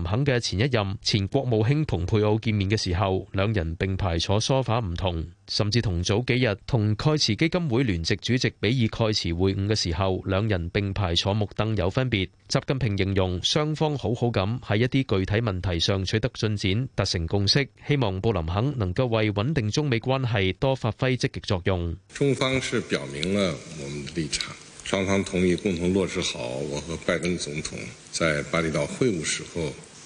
林肯嘅前一任前國務卿蓬佩奧見面嘅時候，兩人並排坐梳化唔同，甚至同早幾日同蓋茨基金會聯席主席比爾蓋茨會晤嘅時候，兩人並排坐木凳有分別。習近平形容雙方好好咁喺一啲具體問題上取得進展，達成共識，希望布林肯能夠為穩定中美關係多發揮積極作用。中方是表明了我們的立場，雙方同意共同落實好我和拜登總統在巴厘島會晤時候，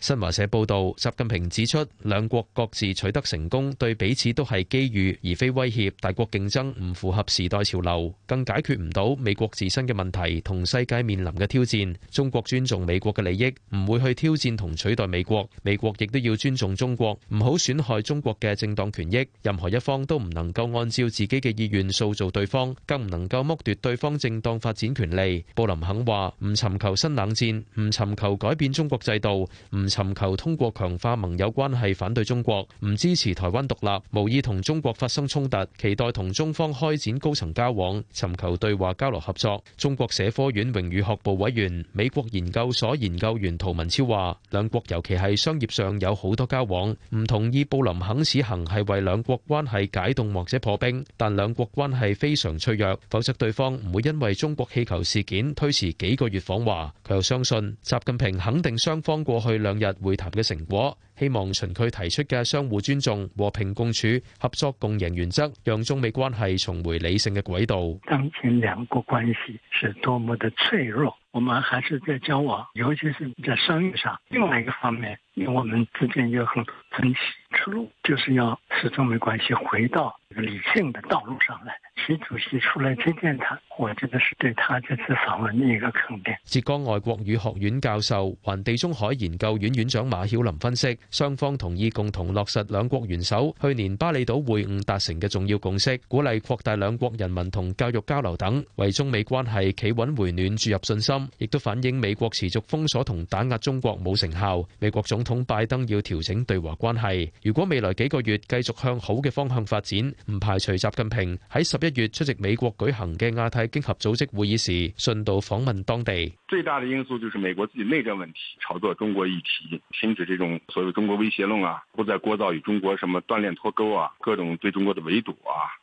新華社報道，習近平指出，兩國各自取得成功，對彼此都係機遇，而非威脅，大國競爭唔符合時代潮流，更解決唔到美國自身嘅問題同世界面臨嘅挑戰。中國尊重美國嘅利益，唔會去挑戰同取代美國，美國亦都要尊重中國，唔好損害中國嘅正當權益，任何一方都唔能夠按照自己嘅意願塑造對方，更唔能夠剝奪對方正當發展權利。布林肯話，唔尋求新冷戰，唔尋求改變中國制度，唔尋求通過強化盟友關係反對中國，唔支持台灣獨立，無意同中國發生衝突，期待同中方開展高層交往，尋求對話交流合作。中國社科院榮譽學部委員、美國研究所研究員陶文超話，兩國尤其係商業上有好多交往，唔同意布林肯此行係為兩國關係解凍或者破冰，但兩國關係非常脆弱，否則對方唔會因為中國氣球事件推遲幾個月訪華。佢又相信習近平肯定雙方過去兩日會談嘅成果，希望循佢提出嘅相互尊重、和平共處、合作共贏原則，讓中美關係重回理性嘅軌道。當前兩國關係是多麼的脆弱，我們還是在交往，尤其是在商業上。另外一個方面，因為我們之間也有很多分歧出路，就是要使中美關係回到理性的道路上來。習主席出來見見他，我覺得是對他這次訪問的一個肯定。浙江外國語學院教授、環地中海研究院院長馬曉林分析，雙方同意共同落實兩國元首去年巴厘島會晤達成嘅重要共識，鼓勵擴大兩國人民同教育交流等，為中美關係企穩回暖注入信心，亦都反映美國持續封鎖同打壓中國冇成效。美國總統拜登要調整對華關係，如果未來幾個月繼續向好嘅方向發展，唔排除習近平喺十一。1> 1月出席美國舉行嘅亞太經合組織會議時，順道訪問當地。最大的因素就是美國自己內政問題，炒作中國議題，停止這種所謂中國威脅論啊，不再過早與中國什麼斷裂脱鈎啊，各種對中國的圍堵啊。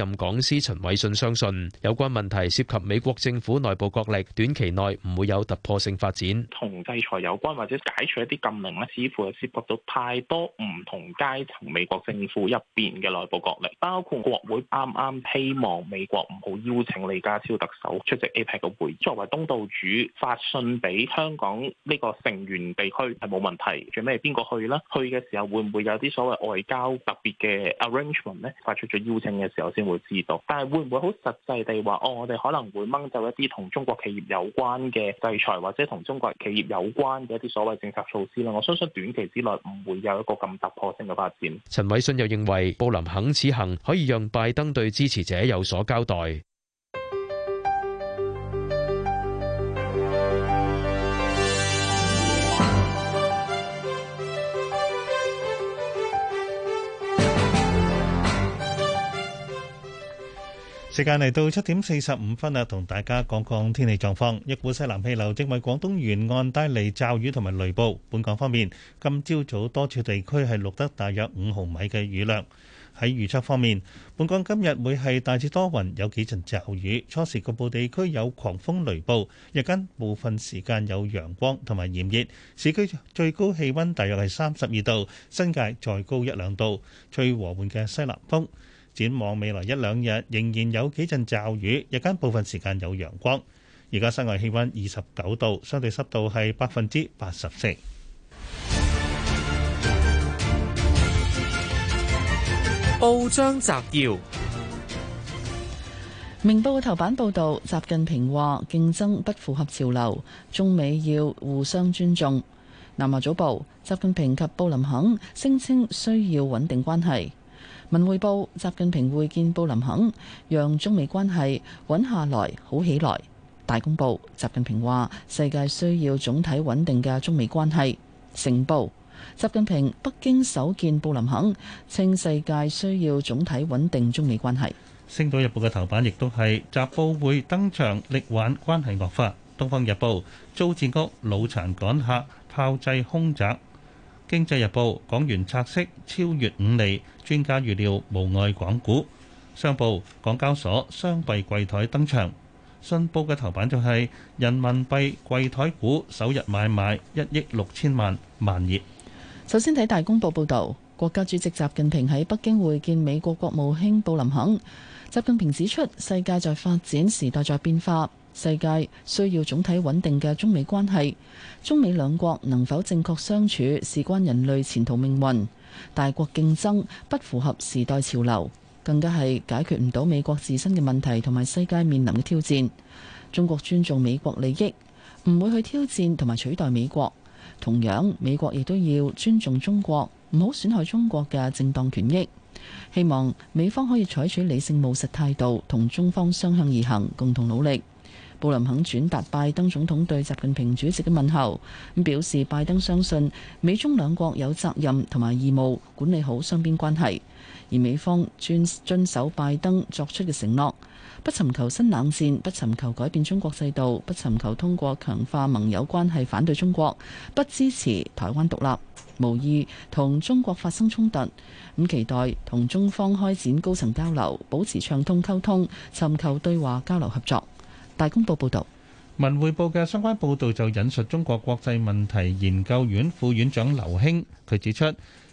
任港司陳偉信相信，有關問題涉及美國政府內部角力，短期內唔會有突破性發展。同制裁有關或者解除一啲禁令咧，似乎係涉及到太多唔同階層美國政府入邊嘅內部角力，包括國會啱啱希望美國唔好邀請李家超特首出席 APEC 嘅會議。作為東道主發信俾香港呢個成員地區係冇問題，最尾邊個去呢？去嘅時候會唔會有啲所謂外交特別嘅 arrangement 咧？發出咗邀請嘅時候先。會知道，但係會唔會好實際地話哦？我哋可能會掹走一啲同中國企業有關嘅制裁，或者同中國企業有關嘅一啲所謂政策措施啦。我相信短期之內唔會有一個咁突破性嘅發展。陳偉信又認為，布林肯此行可以讓拜登對支持者有所交代。時間嚟到七點四十五分啦，同大家講講天氣狀況。一股西南氣流正為廣東沿岸帶嚟驟雨同埋雷暴。本港方面，今朝早多處地區係錄得大約五毫米嘅雨量。喺預測方面，本港今日會係大致多雲，有幾陣驟雨，初時局部地區有狂風雷暴，日間部分時間有陽光同埋炎熱。市區最高氣温大約係三十二度，新界再高一兩度。吹和緩嘅西南風。展望未來一兩日，仍然有幾陣驟雨，日間部分時間有陽光。而家室外氣温二十九度，相對濕度係百分之八十四。報章摘要：明報嘅頭版報導，習近平話競爭不符合潮流，中美要互相尊重。南華早報，習近平及布林肯聲稱需要穩定關係。文匯報：習近平會見布林肯，讓中美關係穩下來、好起來。大公報：習近平話世界需要總體穩定嘅中美關係。成報：習近平北京首見布林肯，稱世界需要總體穩定中美關係。星島日報嘅頭版亦都係習布會登場，力挽關係惡化。東方日報：造字局、腦殘港客炮製凶宅。《經濟日報》港元拆息超越五厘，專家預料無礙港股。商報：港交所雙幣櫃台登場。信報嘅頭版就係、是、人民幣櫃台股首日買賣一億六千萬萬熱。首先睇大公報報導，國家主席習近平喺北京會見美國國務卿布林肯。習近平指出，世界在發展，時代在變化。世界需要總體穩定嘅中美關係，中美兩國能否正確相處，事關人類前途命運。大國競爭不符合時代潮流，更加係解決唔到美國自身嘅問題同埋世界面臨嘅挑戰。中國尊重美國利益，唔會去挑戰同埋取代美國。同樣，美國亦都要尊重中國，唔好損害中國嘅正當權益。希望美方可以採取理性務實態度，同中方相向而行，共同努力。布林肯轉達拜登總統對習近平主席嘅問候，咁表示拜登相信美中兩國有責任同埋義務管理好雙邊關係，而美方遵遵守拜登作出嘅承諾，不尋求新冷戰，不尋求改變中國制度，不尋求通過強化盟友關係反對中國，不支持台灣獨立，無意同中國發生衝突。咁期待同中方開展高層交流，保持暢通溝通，尋求對話交流合作。大公報報導，文匯報嘅相關報導就引述中國國際問題研究院副院長劉興，佢指出，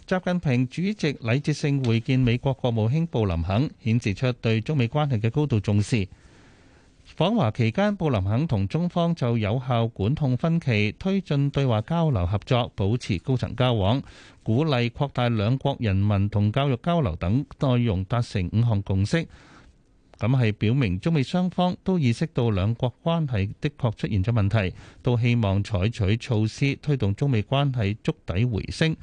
習近平主席禮節性會見美國國務卿布林肯，顯示出對中美關係嘅高度重視。訪華期間，布林肯同中方就有效管控分歧、推進對話交流合作、保持高層交往、鼓勵擴大兩國人民同教育交流等內容達成五項共識。咁係表明中美雙方都意識到兩國關係的確出現咗問題，都希望採取措施推動中美關係築底回升。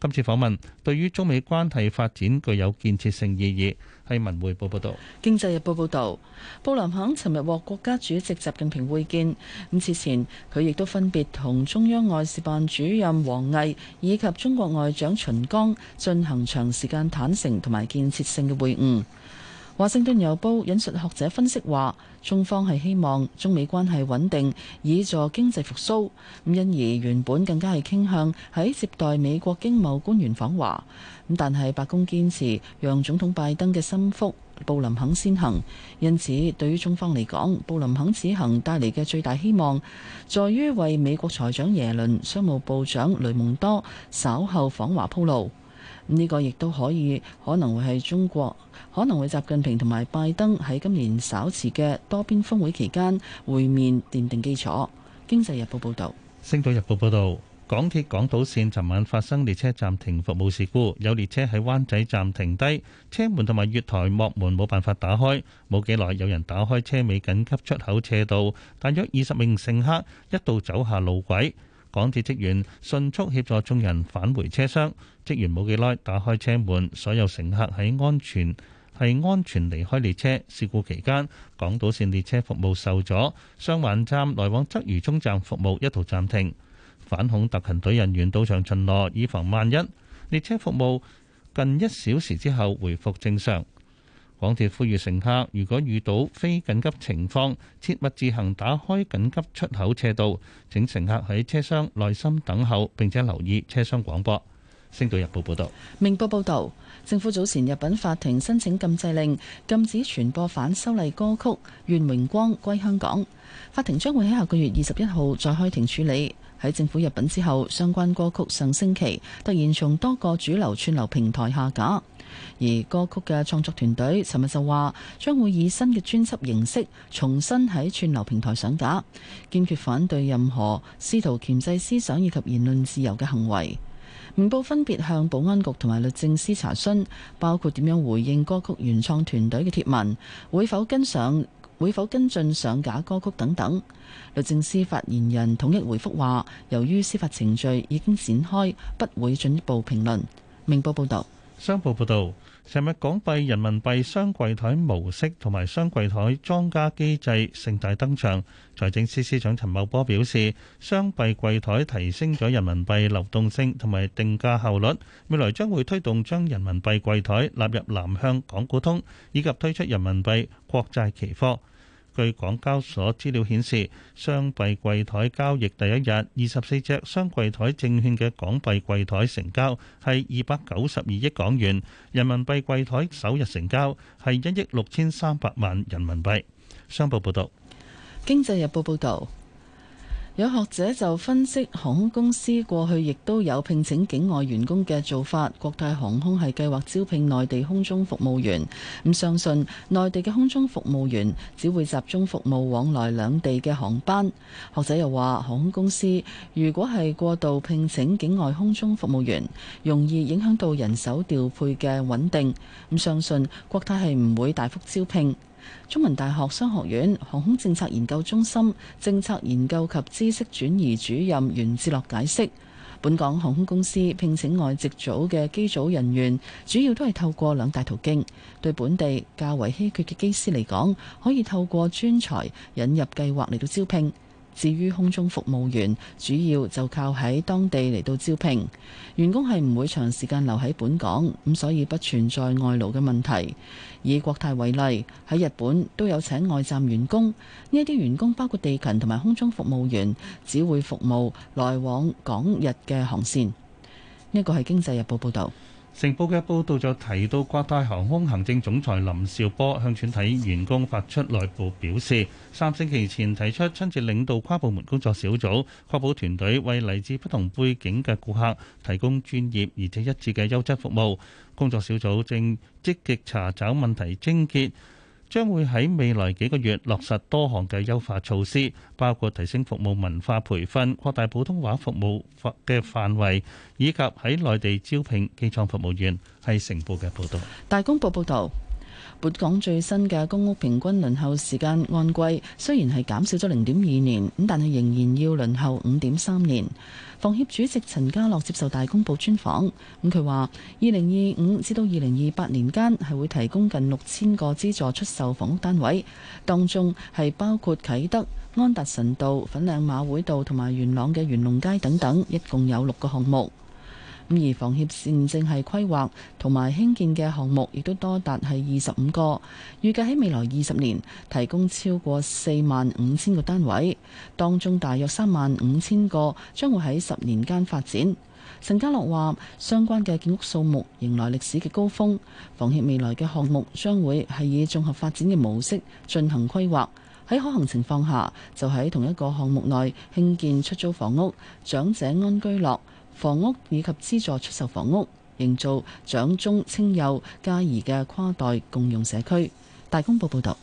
今次訪問對於中美關係發展具有建設性意義。係文匯報報道，《經濟日報》報道，布林肯尋日獲國家主席習近平會見。咁此前佢亦都分別同中央外事辦主任王毅以及中國外長秦剛進行長時間坦誠同埋建設性嘅會晤。華盛頓郵報引述學者分析話，中方係希望中美關係穩定，以助經濟復蘇，咁因而原本更加係傾向喺接待美國經貿官員訪華，咁但係白宮堅持讓總統拜登嘅心腹布林肯先行，因此對於中方嚟講，布林肯此行帶嚟嘅最大希望，在於為美國財長耶倫、商務部長雷蒙多稍後訪華鋪路。呢個亦都可以可能會係中國可能會習近平同埋拜登喺今年首次嘅多邊峰會期間會面奠定基礎。經濟日報報道。星島日報報道，港鐵港島線尋晚發生列車暫停服務事故，有列車喺灣仔站停低，車門同埋月台幕門冇辦法打開，冇幾耐有人打開車尾緊急出口斜道，大約二十名乘客一度走下路軌。港鐵職員迅速協助眾人返回車廂，職員冇幾耐打開車門，所有乘客喺安全係安全離開列車。事故期間，港島線列車服務受阻，上環站來往鰂魚涌站服務一度暫停。反恐特勤隊人員到場巡邏，以防萬一。列車服務近一小時之後回復正常。港鐵呼籲乘客，如果遇到非緊急情況，切勿自行打開緊急出口車道。請乘客喺車廂耐心等候，並且留意車廂廣播。星島日報報道：「明報報道，政府早前入禀法庭申請禁制令，禁止傳播反修例歌曲《願榮光歸香港》。法庭將會喺下個月二十一號再開庭處理。喺政府入禀之後，相關歌曲上星期突然從多個主流串流平台下架。而歌曲嘅創作團隊尋日就話，將會以新嘅專輯形式重新喺串流平台上架，堅決反對任何試圖鉗制思想以及言論自由嘅行為。明報分別向保安局同埋律政司查詢，包括點樣回應歌曲原創團隊嘅貼文，會否跟上，會否跟進上架歌曲等等。律政司發言人統一回覆話由於司法程序已經展開，不會進一步評論。明報報道。商報報導，尋日港幣、人民幣雙櫃台模式同埋雙櫃台莊家機制盛大登場。財政司司長陳茂波表示，雙幣櫃台提升咗人民幣流動性同埋定價效率，未來將會推動將人民幣櫃台納入南向港股通，以及推出人民幣國債期貨。據港交所資料顯示，雙幣櫃台交易第一日，二十四隻雙櫃台證券嘅港幣櫃台成交係二百九十二億港元，人民幣櫃台首日成交係一億六千三百萬人民幣。商報報道，經濟日報報道。有學者就分析，航空公司過去亦都有聘請境外員工嘅做法，國泰航空係計劃招聘內地空中服務員，咁相信內地嘅空中服務員只會集中服務往來兩地嘅航班。學者又話，航空公司如果係過度聘請境外空中服務員，容易影響到人手調配嘅穩定。咁相信國泰係唔會大幅招聘。中文大學商學院航空政策研究中心政策研究及知識轉移主任袁志樂解釋：本港航空公司聘請外籍組嘅機組人員，主要都係透過兩大途徑。對本地較為稀缺嘅機師嚟講，可以透過專才引入計劃嚟到招聘。至於空中服務員，主要就靠喺當地嚟到招聘員工，係唔會長時間留喺本港，咁所以不存在外勞嘅問題。以國泰為例，喺日本都有請外站員工，呢一啲員工包括地勤同埋空中服務員，只會服務來往港日嘅航線。呢個係《經濟日報》報道。成報嘅報道就提到，國泰航空行政總裁林兆波向全體員工發出內部表示，三星期前提出親自領導跨部門工作小組，確保團隊為嚟自不同背景嘅顧客提供專業而且一致嘅優質服務。工作小組正積極查找問題症結。將會喺未來幾個月落實多項嘅優化措施，包括提升服務文化培訓、擴大普通話服務嘅範圍，以及喺內地招聘機艙服務員。係成報嘅報道，大公報報道，本港最新嘅公屋平均輪候時間按季雖然係減少咗零點二年，咁但係仍然要輪候五點三年。房協主席陳家樂接受大公報專訪，咁佢話：二零二五至到二零二八年間係會提供近六千個資助出售房屋單位，當中係包括啟德、安達臣道、粉嶺馬會道同埋元朗嘅元龍街等等，一共有六個項目。而房協現正係規劃同埋興建嘅項目，亦都多達係二十五個，預計喺未來二十年提供超過四萬五千個單位，當中大約三萬五千個將會喺十年間發展。陳家樂話：相關嘅建屋數目迎來歷史嘅高峰，房協未來嘅項目將會係以綜合發展嘅模式進行規劃，喺可行情況下就喺同一個項目內興建出租房屋、長者安居樂房屋以及資助出售房屋，營造長中青幼皆宜嘅跨代共用社區。大公報報道，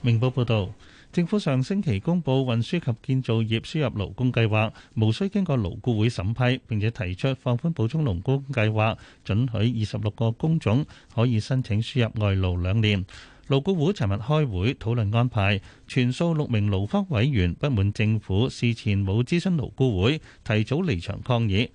明報報導，政府上星期公佈運輸及建造業輸入勞工計劃，無需經過勞顧會審批，並且提出放寬補充勞工計劃，准許二十六個工種可以申請輸入外勞兩年。勞顧會尋日開會討論安排，全數六名勞方委員不滿政府事前冇諮詢勞顧會，提早離場抗議。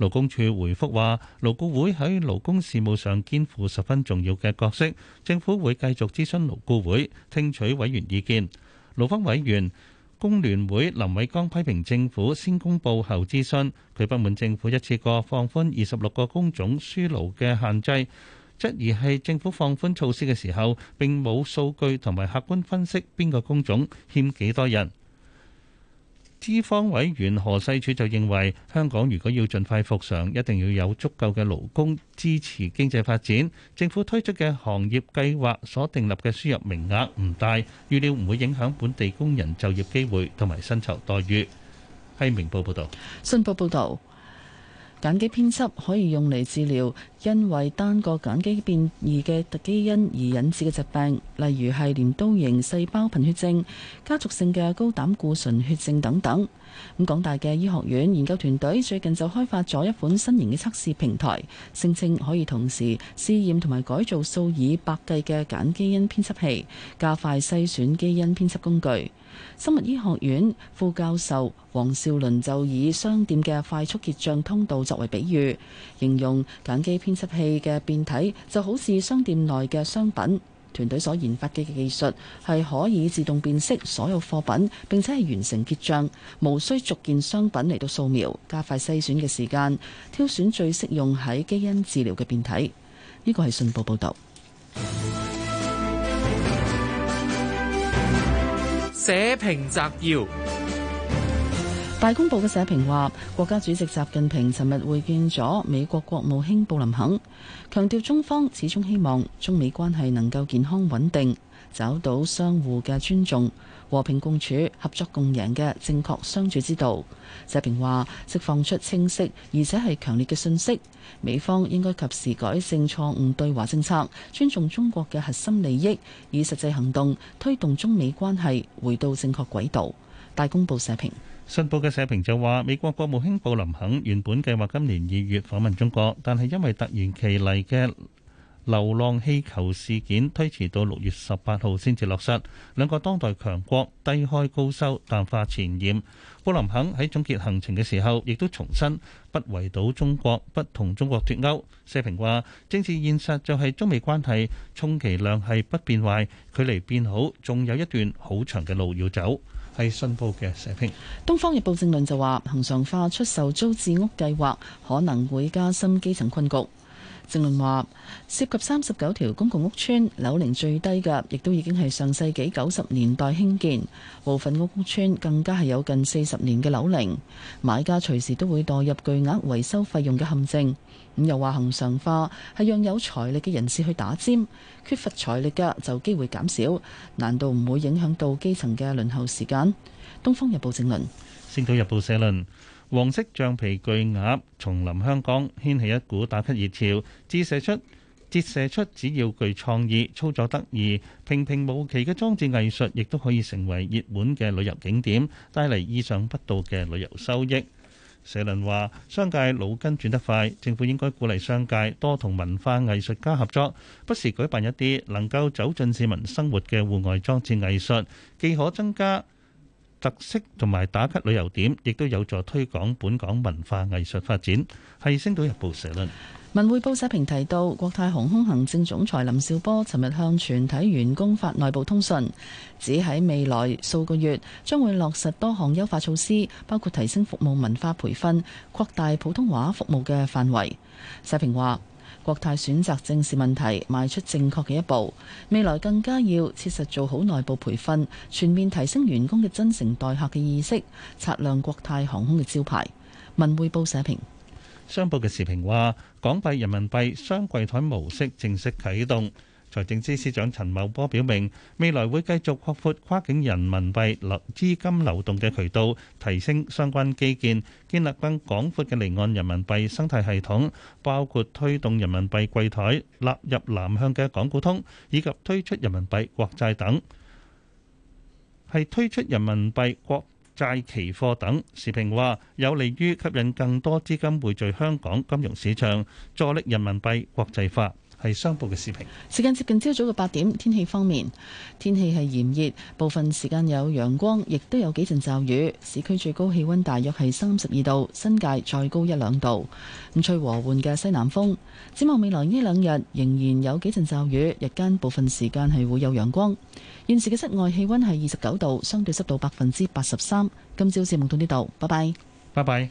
勞工處回覆話：勞顧會喺勞工事務上肩負十分重要嘅角色，政府會繼續諮詢勞顧會，聽取委員意見。勞方委員工聯會林偉剛批評政府先公布後諮詢，佢不滿政府一次過放寬二十六個工種輸勞嘅限制，質疑係政府放寬措施嘅時候並冇數據同埋客觀分析邊個工種欠幾多人。資方委員何世柱就認為，香港如果要盡快復常，一定要有足夠嘅勞工支持經濟發展。政府推出嘅行業計劃所訂立嘅輸入名額唔大，預料唔會影響本地工人就業機會同埋薪酬待遇。係明報報道，新報報道。鹼基編輯可以用嚟治療因為單個鹼基變異嘅突基因而引致嘅疾病，例如係鐮刀型細胞貧血症、家族性嘅高膽固醇血症等等。咁港大嘅醫學院研究團隊最近就開發咗一款新型嘅測試平台，聲稱可以同時試驗同埋改造數以百計嘅鹼基因編輯器，加快篩選基因編輯工具。生物醫學院副教授黃少麟就以商店嘅快速結帳通道作為比喻，形容鹼基編輯器嘅變體就好似商店內嘅商品。團隊所研發嘅技術係可以自動辨識所有貨品，並且係完成結帳，無需逐件商品嚟到掃描，加快篩選嘅時間，挑選最適用喺基因治療嘅變體。呢個係信報報導。社評摘要。大公報嘅社評話：國家主席習近平尋日會見咗美國國務卿布林肯，強調中方始終希望中美關係能夠健康穩定，找到相互嘅尊重、和平共處、合作共贏嘅正確相處之道。社評話：釋放出清晰而且係強烈嘅信息，美方應該及時改正錯誤對華政策，尊重中國嘅核心利益，以實際行動推動中美關係回到正確軌道。大公報社評。信報嘅社評就話：美國國務卿布林肯原本計劃今年二月訪問中國，但係因為突然其嚟嘅流浪氣球事件，推遲到六月十八號先至落實。兩個當代強國低開高收，淡化前嫌。布林肯喺總結行程嘅時候，亦都重申不圍堵中國，不同中國脫鉤。社評話：政治現實就係中美關係充其量係不變壞，距離變好仲有一段好長嘅路要走。係信報嘅社評，東方日報政論就話恒常化出售租置屋計劃可能會加深基層困局。政論話涉及三十九條公共屋邨，樓齡最低嘅亦都已經係上世紀九十年代興建，部分屋邨更加係有近四十年嘅樓齡，買家隨時都會墮入巨額維修費用嘅陷阱。咁又話恒常化係讓有財力嘅人士去打尖，缺乏財力嘅就機會減少，難道唔會影響到基層嘅輪候時間。《東方日報》正論，《星島日報》社論。黃色橡皮巨鴨重臨香港掀起一股打卡熱潮，折射出折射出只要具創意、操作得意、平平無奇嘅裝置藝術，亦都可以成為熱門嘅旅遊景點，帶嚟意想不到嘅旅遊收益。社論話：商界腦筋轉得快，政府應該鼓勵商界多同文化藝術家合作，不時舉辦一啲能夠走進市民生活嘅戶外裝置藝術，既可增加特色同埋打卡旅遊點，亦都有助推廣本港文化藝術發展。係《星島日報》社論，文匯報社評提到，國泰航空行政總裁林少波尋日向全體員工發內部通訊，指喺未來數個月將會落實多項優化措施，包括提升服務文化培訓，擴大普通話服務嘅範圍，社評話。國泰選擇正視問題，邁出正確嘅一步，未來更加要切實做好內部培訓，全面提升員工嘅真誠待客嘅意識，擦亮國泰航空嘅招牌。文匯報社評，商報嘅時評話，港幣人民幣雙櫃枱模式正式啟動。財政司司長陳茂波表明，未來會繼續擴闊跨境人民幣流資金流動嘅渠道，提升相關基建，建立更廣闊嘅離岸人民幣生態系統，包括推動人民幣櫃台，納入南向嘅港股通，以及推出人民幣國債等。係推出人民幣國債期貨等，時評話有利於吸引更多資金匯聚香港金融市場，助力人民幣國際化。係商報嘅視頻。時間接近朝早嘅八點，天氣方面，天氣係炎熱，部分時間有陽光，亦都有幾陣驟雨。市區最高氣溫大約係三十二度，新界再高一兩度。咁吹和緩嘅西南風。展望未來呢兩日，仍然有幾陣驟雨，日間部分時間係會有陽光。現時嘅室外氣溫係二十九度，相對濕度百分之八十三。今朝節目到呢度，拜拜。拜拜。